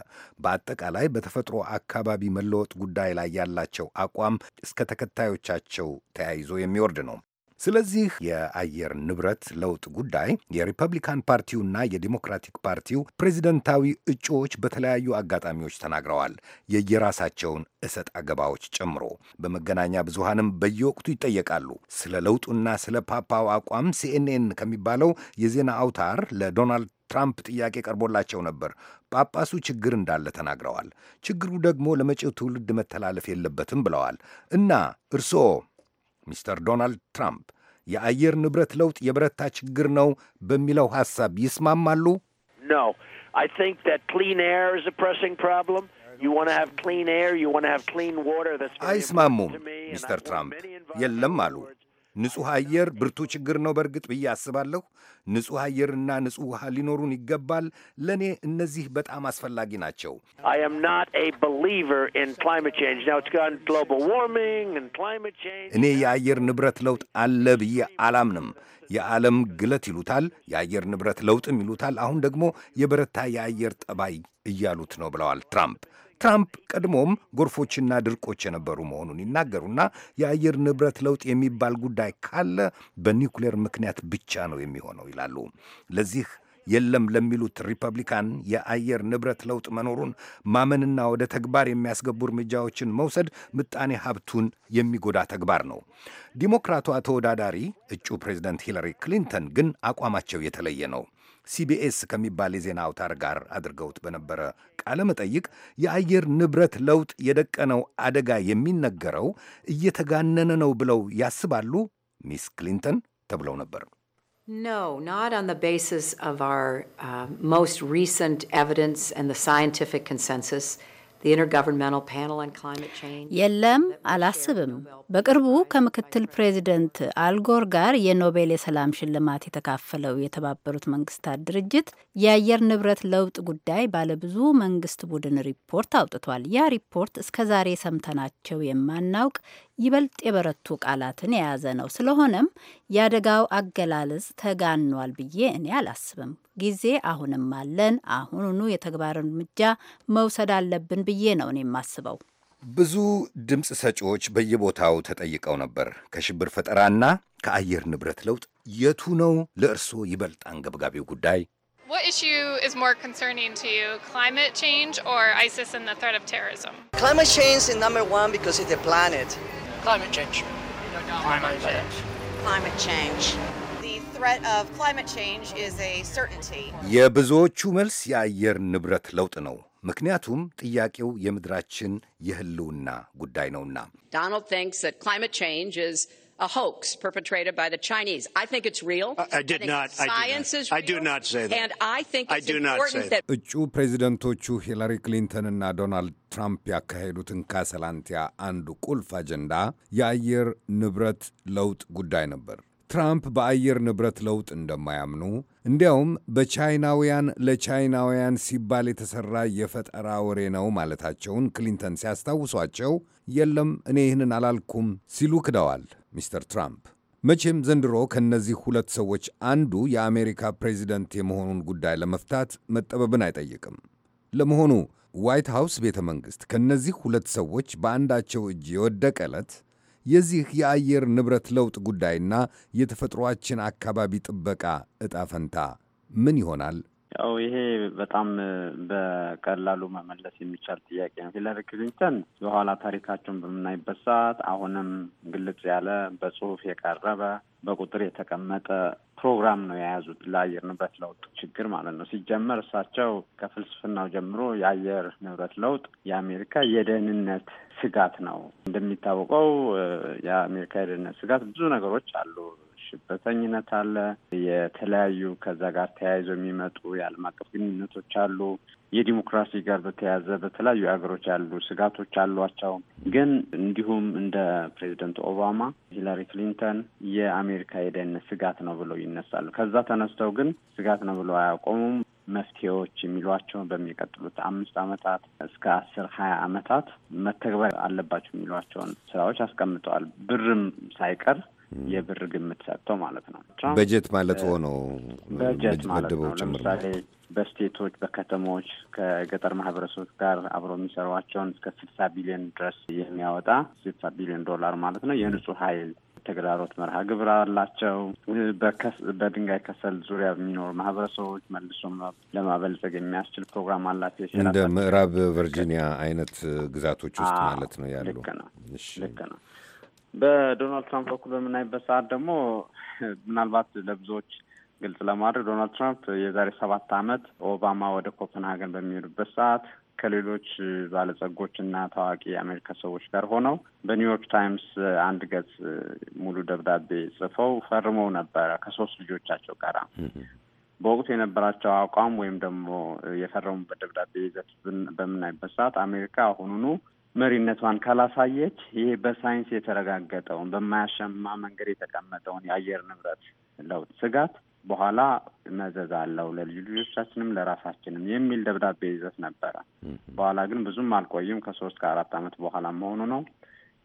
በአጠቃላይ በተፈጥሮ አካባቢ መለወጥ ጉዳይ ላይ ያላቸው አቋም እስከ ተከታዮቻቸው ተያይዞ የሚወርድ ነው። ስለዚህ የአየር ንብረት ለውጥ ጉዳይ የሪፐብሊካን ፓርቲውና የዲሞክራቲክ ፓርቲው ፕሬዚደንታዊ እጩዎች በተለያዩ አጋጣሚዎች ተናግረዋል። የየራሳቸውን እሰጥ አገባዎች ጨምሮ በመገናኛ ብዙሃንም በየወቅቱ ይጠየቃሉ። ስለ ለውጡና ስለ ፓፓው አቋም ሲኤንኤን ከሚባለው የዜና አውታር ለዶናልድ ትራምፕ ጥያቄ ቀርቦላቸው ነበር። ጳጳሱ ችግር እንዳለ ተናግረዋል። ችግሩ ደግሞ ለመጪው ትውልድ መተላለፍ የለበትም ብለዋል እና እርስዎ ሚስተር ዶናልድ ትራምፕ የአየር ንብረት ለውጥ የበረታ ችግር ነው በሚለው ሐሳብ ይስማማሉ? አይስማሙም። ሚስተር ትራምፕ የለም አሉ። ንጹሕ አየር ብርቱ ችግር ነው በእርግጥ ብዬ አስባለሁ። ንጹሕ አየርና ንጹሕ ውሃ ሊኖሩን ይገባል። ለእኔ እነዚህ በጣም አስፈላጊ ናቸው። እኔ የአየር ንብረት ለውጥ አለ ብዬ አላምንም። የዓለም ግለት ይሉታል፣ የአየር ንብረት ለውጥም ይሉታል። አሁን ደግሞ የበረታ የአየር ጠባይ እያሉት ነው ብለዋል ትራምፕ። ትራምፕ ቀድሞም ጎርፎችና ድርቆች የነበሩ መሆኑን ይናገሩና የአየር ንብረት ለውጥ የሚባል ጉዳይ ካለ በኒውክሌር ምክንያት ብቻ ነው የሚሆነው ይላሉ። ለዚህ የለም ለሚሉት ሪፐብሊካን የአየር ንብረት ለውጥ መኖሩን ማመንና ወደ ተግባር የሚያስገቡ እርምጃዎችን መውሰድ ምጣኔ ሀብቱን የሚጎዳ ተግባር ነው። ዲሞክራቷ ተወዳዳሪ እጩ ፕሬዚደንት ሂላሪ ክሊንተን ግን አቋማቸው የተለየ ነው። ሲቢኤስ ከሚባል የዜና አውታር ጋር አድርገውት በነበረ ቃለ መጠይቅ የአየር ንብረት ለውጥ የደቀነው አደጋ የሚነገረው እየተጋነነ ነው ብለው ያስባሉ ሚስ ክሊንተን ተብለው ነበር። No, not on the basis of our uh, most recent evidence and የለም፣ አላስብም። በቅርቡ ከምክትል ፕሬዚደንት አልጎር ጋር የኖቤል የሰላም ሽልማት የተካፈለው የተባበሩት መንግስታት ድርጅት የአየር ንብረት ለውጥ ጉዳይ ባለብዙ መንግስት ቡድን ሪፖርት አውጥቷል። ያ ሪፖርት እስከ ዛሬ ሰምተናቸው የማናውቅ ይበልጥ የበረቱ ቃላትን የያዘ ነው። ስለሆነም የአደጋው አገላለጽ ተጋኗል ብዬ እኔ አላስብም። ጊዜ አሁንም አለን። አሁኑኑ የተግባር እርምጃ መውሰድ አለብን ብዬ ነው እኔ የማስበው። ብዙ ድምፅ ሰጪዎች በየቦታው ተጠይቀው ነበር። ከሽብር ፈጠራና ከአየር ንብረት ለውጥ የቱ ነው ለእርስዎ ይበልጥ አንገብጋቢው ጉዳይ? የብዙዎቹ መልስ የአየር ንብረት ለውጥ ነው። ምክንያቱም ጥያቄው የምድራችን የህልውና ጉዳይ ነውና። እጩ ፕሬዚደንቶቹ ሂላሪ ክሊንተንና ዶናልድ ትራምፕ ያካሄዱትን ካሰላንቲያ አንዱ ቁልፍ አጀንዳ የአየር ንብረት ለውጥ ጉዳይ ነበር። ትራምፕ በአየር ንብረት ለውጥ እንደማያምኑ እንዲያውም በቻይናውያን ለቻይናውያን ሲባል የተሠራ የፈጠራ ወሬ ነው ማለታቸውን ክሊንተን ሲያስታውሷቸው የለም እኔ ይህንን አላልኩም ሲሉ ክደዋል ሚስተር ትራምፕ። መቼም ዘንድሮ ከእነዚህ ሁለት ሰዎች አንዱ የአሜሪካ ፕሬዚደንት የመሆኑን ጉዳይ ለመፍታት መጠበብን አይጠይቅም። ለመሆኑ ዋይት ሃውስ ቤተ መንግሥት ከእነዚህ ሁለት ሰዎች በአንዳቸው እጅ የወደቀ ዕለት የዚህ የአየር ንብረት ለውጥ ጉዳይና የተፈጥሮችን አካባቢ ጥበቃ እጣ ፈንታ ምን ይሆናል? ያው ይሄ በጣም በቀላሉ መመለስ የሚቻል ጥያቄ ነው። ሂላሪ ክሊንተን በኋላ ታሪካቸውን በምናይበት ሰዓት አሁንም ግልጽ ያለ በጽሁፍ የቀረበ በቁጥር የተቀመጠ ፕሮግራም ነው የያዙት ለአየር ንብረት ለውጥ ችግር ማለት ነው። ሲጀመር እሳቸው ከፍልስፍናው ጀምሮ የአየር ንብረት ለውጥ የአሜሪካ የደህንነት ስጋት ነው። እንደሚታወቀው የአሜሪካ የደህንነት ስጋት ብዙ ነገሮች አሉ። ሽብርተኝነት አለ። የተለያዩ ከዛ ጋር ተያይዘው የሚመጡ የዓለም አቀፍ ግንኙነቶች አሉ። የዲሞክራሲ ጋር በተያያዘ በተለያዩ ሀገሮች ያሉ ስጋቶች አሏቸው። ግን እንዲሁም እንደ ፕሬዚደንት ኦባማ ሂላሪ ክሊንተን የአሜሪካ የደህንነት ስጋት ነው ብለው ይነሳሉ። ከዛ ተነስተው ግን ስጋት ነው ብለው አያቆሙም። መፍትሄዎች የሚሏቸውን በሚቀጥሉት አምስት ዓመታት እስከ አስር ሀያ አመታት መተግበር አለባቸው የሚሏቸውን ስራዎች አስቀምጠዋል። ብርም ሳይቀር የብር ግምት ሰጥተው ማለት ነው። በጀት ማለት ሆኖ በጀት ማለት ነው። ለምሳሌ በስቴቶች በከተሞች ከገጠር ማህበረሰቦች ጋር አብረው የሚሰሯቸውን እስከ ስልሳ ቢሊዮን ድረስ የሚያወጣ ስልሳ ቢሊዮን ዶላር ማለት ነው የንጹህ ኃይል ተግዳሮት መርሃ ግብር አላቸው። በድንጋይ ከሰል ዙሪያ የሚኖሩ ማህበረሰቦች መልሶ ለማበልጸግ የሚያስችል ፕሮግራም አላቸው። እንደ ምዕራብ ቨርጂኒያ አይነት ግዛቶች ውስጥ ማለት ነው ያሉ። ልክ ነው፣ ልክ ነው። በዶናልድ ትራምፕ በኩል በምናይበት ሰዓት ደግሞ <laughs> ምናልባት ለብዙዎች ግልጽ ለማድረግ ዶናልድ ትራምፕ የዛሬ ሰባት ዓመት ኦባማ ወደ ኮፐንሀገን በሚሄዱበት ሰዓት ከሌሎች ባለጸጎች እና ታዋቂ የአሜሪካ ሰዎች ጋር ሆነው በኒውዮርክ ታይምስ አንድ ገጽ ሙሉ ደብዳቤ ጽፈው ፈርመው ነበረ ከሶስት ልጆቻቸው ጋር። በወቅቱ የነበራቸው አቋም ወይም ደግሞ የፈረሙበት ደብዳቤ ይዘት በምናይበት ሰዓት አሜሪካ አሁኑኑ መሪነቷን ካላሳየች ይሄ በሳይንስ የተረጋገጠውን በማያሸማ መንገድ የተቀመጠውን የአየር ንብረት ለውጥ ስጋት በኋላ መዘዝ አለው ለልጅ ልጆቻችንም ለራሳችንም የሚል ደብዳቤ ይዘት ነበረ። በኋላ ግን ብዙም አልቆይም ከሶስት ከአራት ዓመት በኋላ መሆኑ ነው።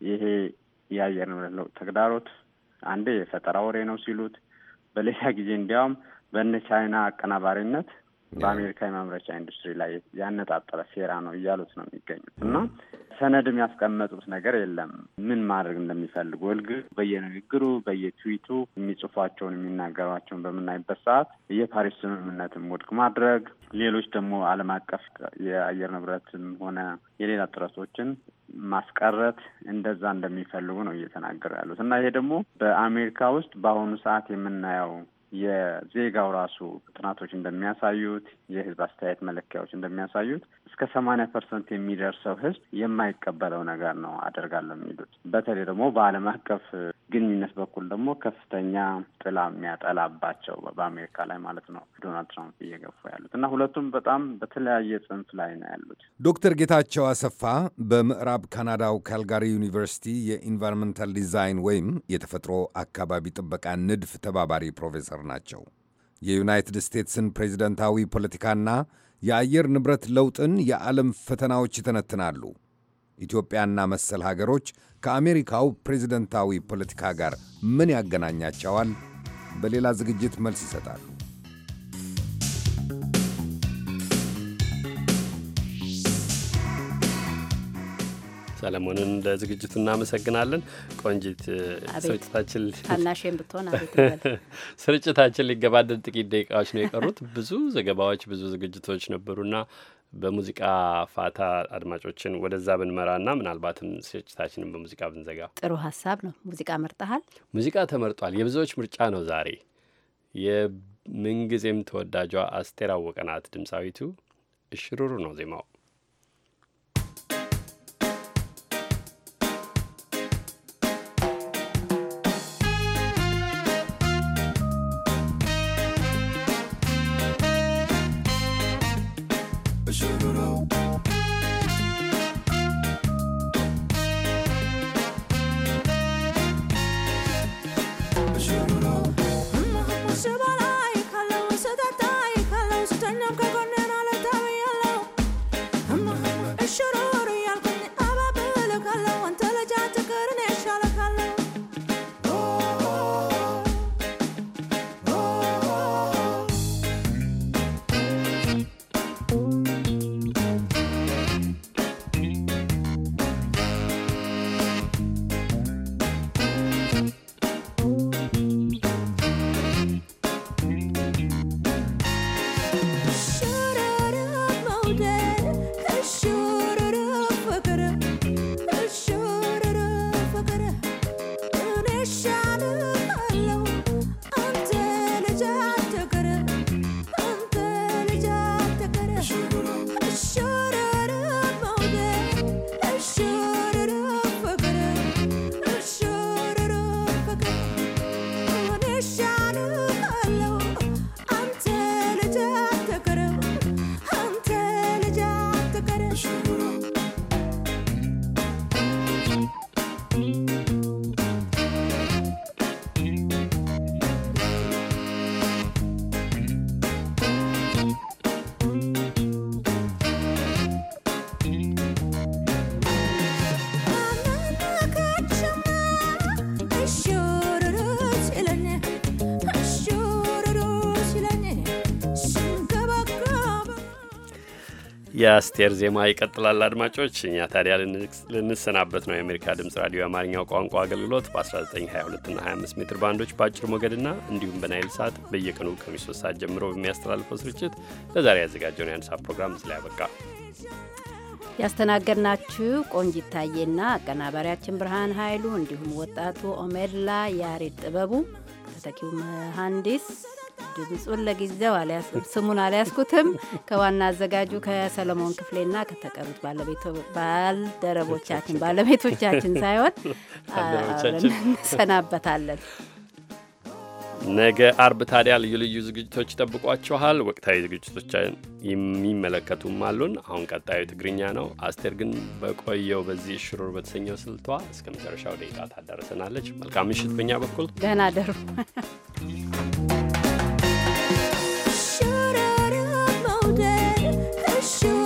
ይሄ የአየር ንብረት ለውጥ ተግዳሮት አንዴ የፈጠራ ወሬ ነው ሲሉት፣ በሌላ ጊዜ እንዲያውም በእነ ቻይና አቀናባሪነት በአሜሪካ የማምረቻ ኢንዱስትሪ ላይ ያነጣጠረ ሴራ ነው እያሉት ነው የሚገኙት እና ሰነድም ያስቀመጡት ነገር የለም። ምን ማድረግ እንደሚፈልጉ ወልግ በየንግግሩ በየትዊቱ የሚጽፏቸውን የሚናገሯቸውን በምናይበት ሰዓት የፓሪስ ስምምነትን ውድቅ ማድረግ፣ ሌሎች ደግሞ ዓለም አቀፍ የአየር ንብረትም ሆነ የሌላ ጥረቶችን ማስቀረት እንደዛ እንደሚፈልጉ ነው እየተናገሩ ያሉት እና ይሄ ደግሞ በአሜሪካ ውስጥ በአሁኑ ሰዓት የምናየው የዜጋው ራሱ ጥናቶች እንደሚያሳዩት፣ የህዝብ አስተያየት መለኪያዎች እንደሚያሳዩት እስከ ሰማንያ ፐርሰንት የሚደርሰው ህዝብ የማይቀበለው ነገር ነው አደርጋለሁ የሚሉት። በተለይ ደግሞ በዓለም አቀፍ ግንኙነት በኩል ደግሞ ከፍተኛ ጥላ የሚያጠላባቸው በአሜሪካ ላይ ማለት ነው ዶናልድ ትራምፕ እየገፉ ያሉት እና ሁለቱም በጣም በተለያየ ጽንፍ ላይ ነው ያሉት። ዶክተር ጌታቸው አሰፋ በምዕራብ ካናዳው ካልጋሪ ዩኒቨርሲቲ የኢንቫይሮንመንታል ዲዛይን ወይም የተፈጥሮ አካባቢ ጥበቃ ንድፍ ተባባሪ ፕሮፌሰር ናቸው። የዩናይትድ ስቴትስን ፕሬዚደንታዊ ፖለቲካና የአየር ንብረት ለውጥን የዓለም ፈተናዎች ይተነትናሉ። ኢትዮጵያና መሰል ሀገሮች ከአሜሪካው ፕሬዝደንታዊ ፖለቲካ ጋር ምን ያገናኛቸዋል? በሌላ ዝግጅት መልስ ይሰጣል። ሰለሞንን ለዝግጅቱ እናመሰግናለን። ቆንጂት ስርጭታችን ታናሽም ብትሆን <laughs> ስርጭታችን ሊገባደድ ጥቂት ደቂቃዎች ነው የቀሩት። ብዙ ዘገባዎች፣ ብዙ ዝግጅቶች ነበሩና በሙዚቃ ፋታ አድማጮችን ወደዛ ብንመራና ምናልባትም ስርጭታችንን በሙዚቃ ብንዘጋ ጥሩ ሀሳብ ነው። ሙዚቃ መርጠሃል። ሙዚቃ ተመርጧል። የብዙዎች ምርጫ ነው ዛሬ። የምንጊዜም ተወዳጇ አስቴር አወቀናት ድምፃዊቱ። እሽሩሩ ነው ዜማው። የአስቴር ዜማ ይቀጥላል። አድማጮች እኛ ታዲያ ልንሰናበት ነው። የአሜሪካ ድምፅ ራዲዮ የአማርኛው ቋንቋ አገልግሎት በ 1922 እና 25 ሜትር ባንዶች በአጭር ሞገድና እንዲሁም በናይል ሰዓት በየቀኑ ከምሽቱ ሶስት ሰዓት ጀምሮ በሚያስተላልፈው ስርጭት ለዛሬ ያዘጋጀውን የአንድ ሰዓት ፕሮግራም ስላ ያበቃ ያስተናገድናችሁ ቆንጂት ታዬና አቀናባሪያችን ብርሃን ኃይሉ እንዲሁም ወጣቱ ኦሜድላ ያሬድ ጥበቡ ተተኪው መሐንዲስ ብፁን ለጊዜው ስሙን አልያዝኩትም። ከዋና አዘጋጁ ከሰለሞን ክፍሌና ከተቀሩት ባልደረቦቻችን ባለቤቶቻችን ሳይሆን እንሰናበታለን። ነገ አርብ ታዲያ ልዩ ልዩ ዝግጅቶች ጠብቋችኋል። ወቅታዊ ዝግጅቶች የሚመለከቱም አሉን። አሁን ቀጣዩ ትግርኛ ነው። አስቴር ግን በቆየው በዚህ ሽሩር በተሰኘው ስልቷ እስከ መጨረሻው ደቂቃ ታዳርሰናለች። መልካም ምሽት በእኛ በኩል ደህና ደሩ። You.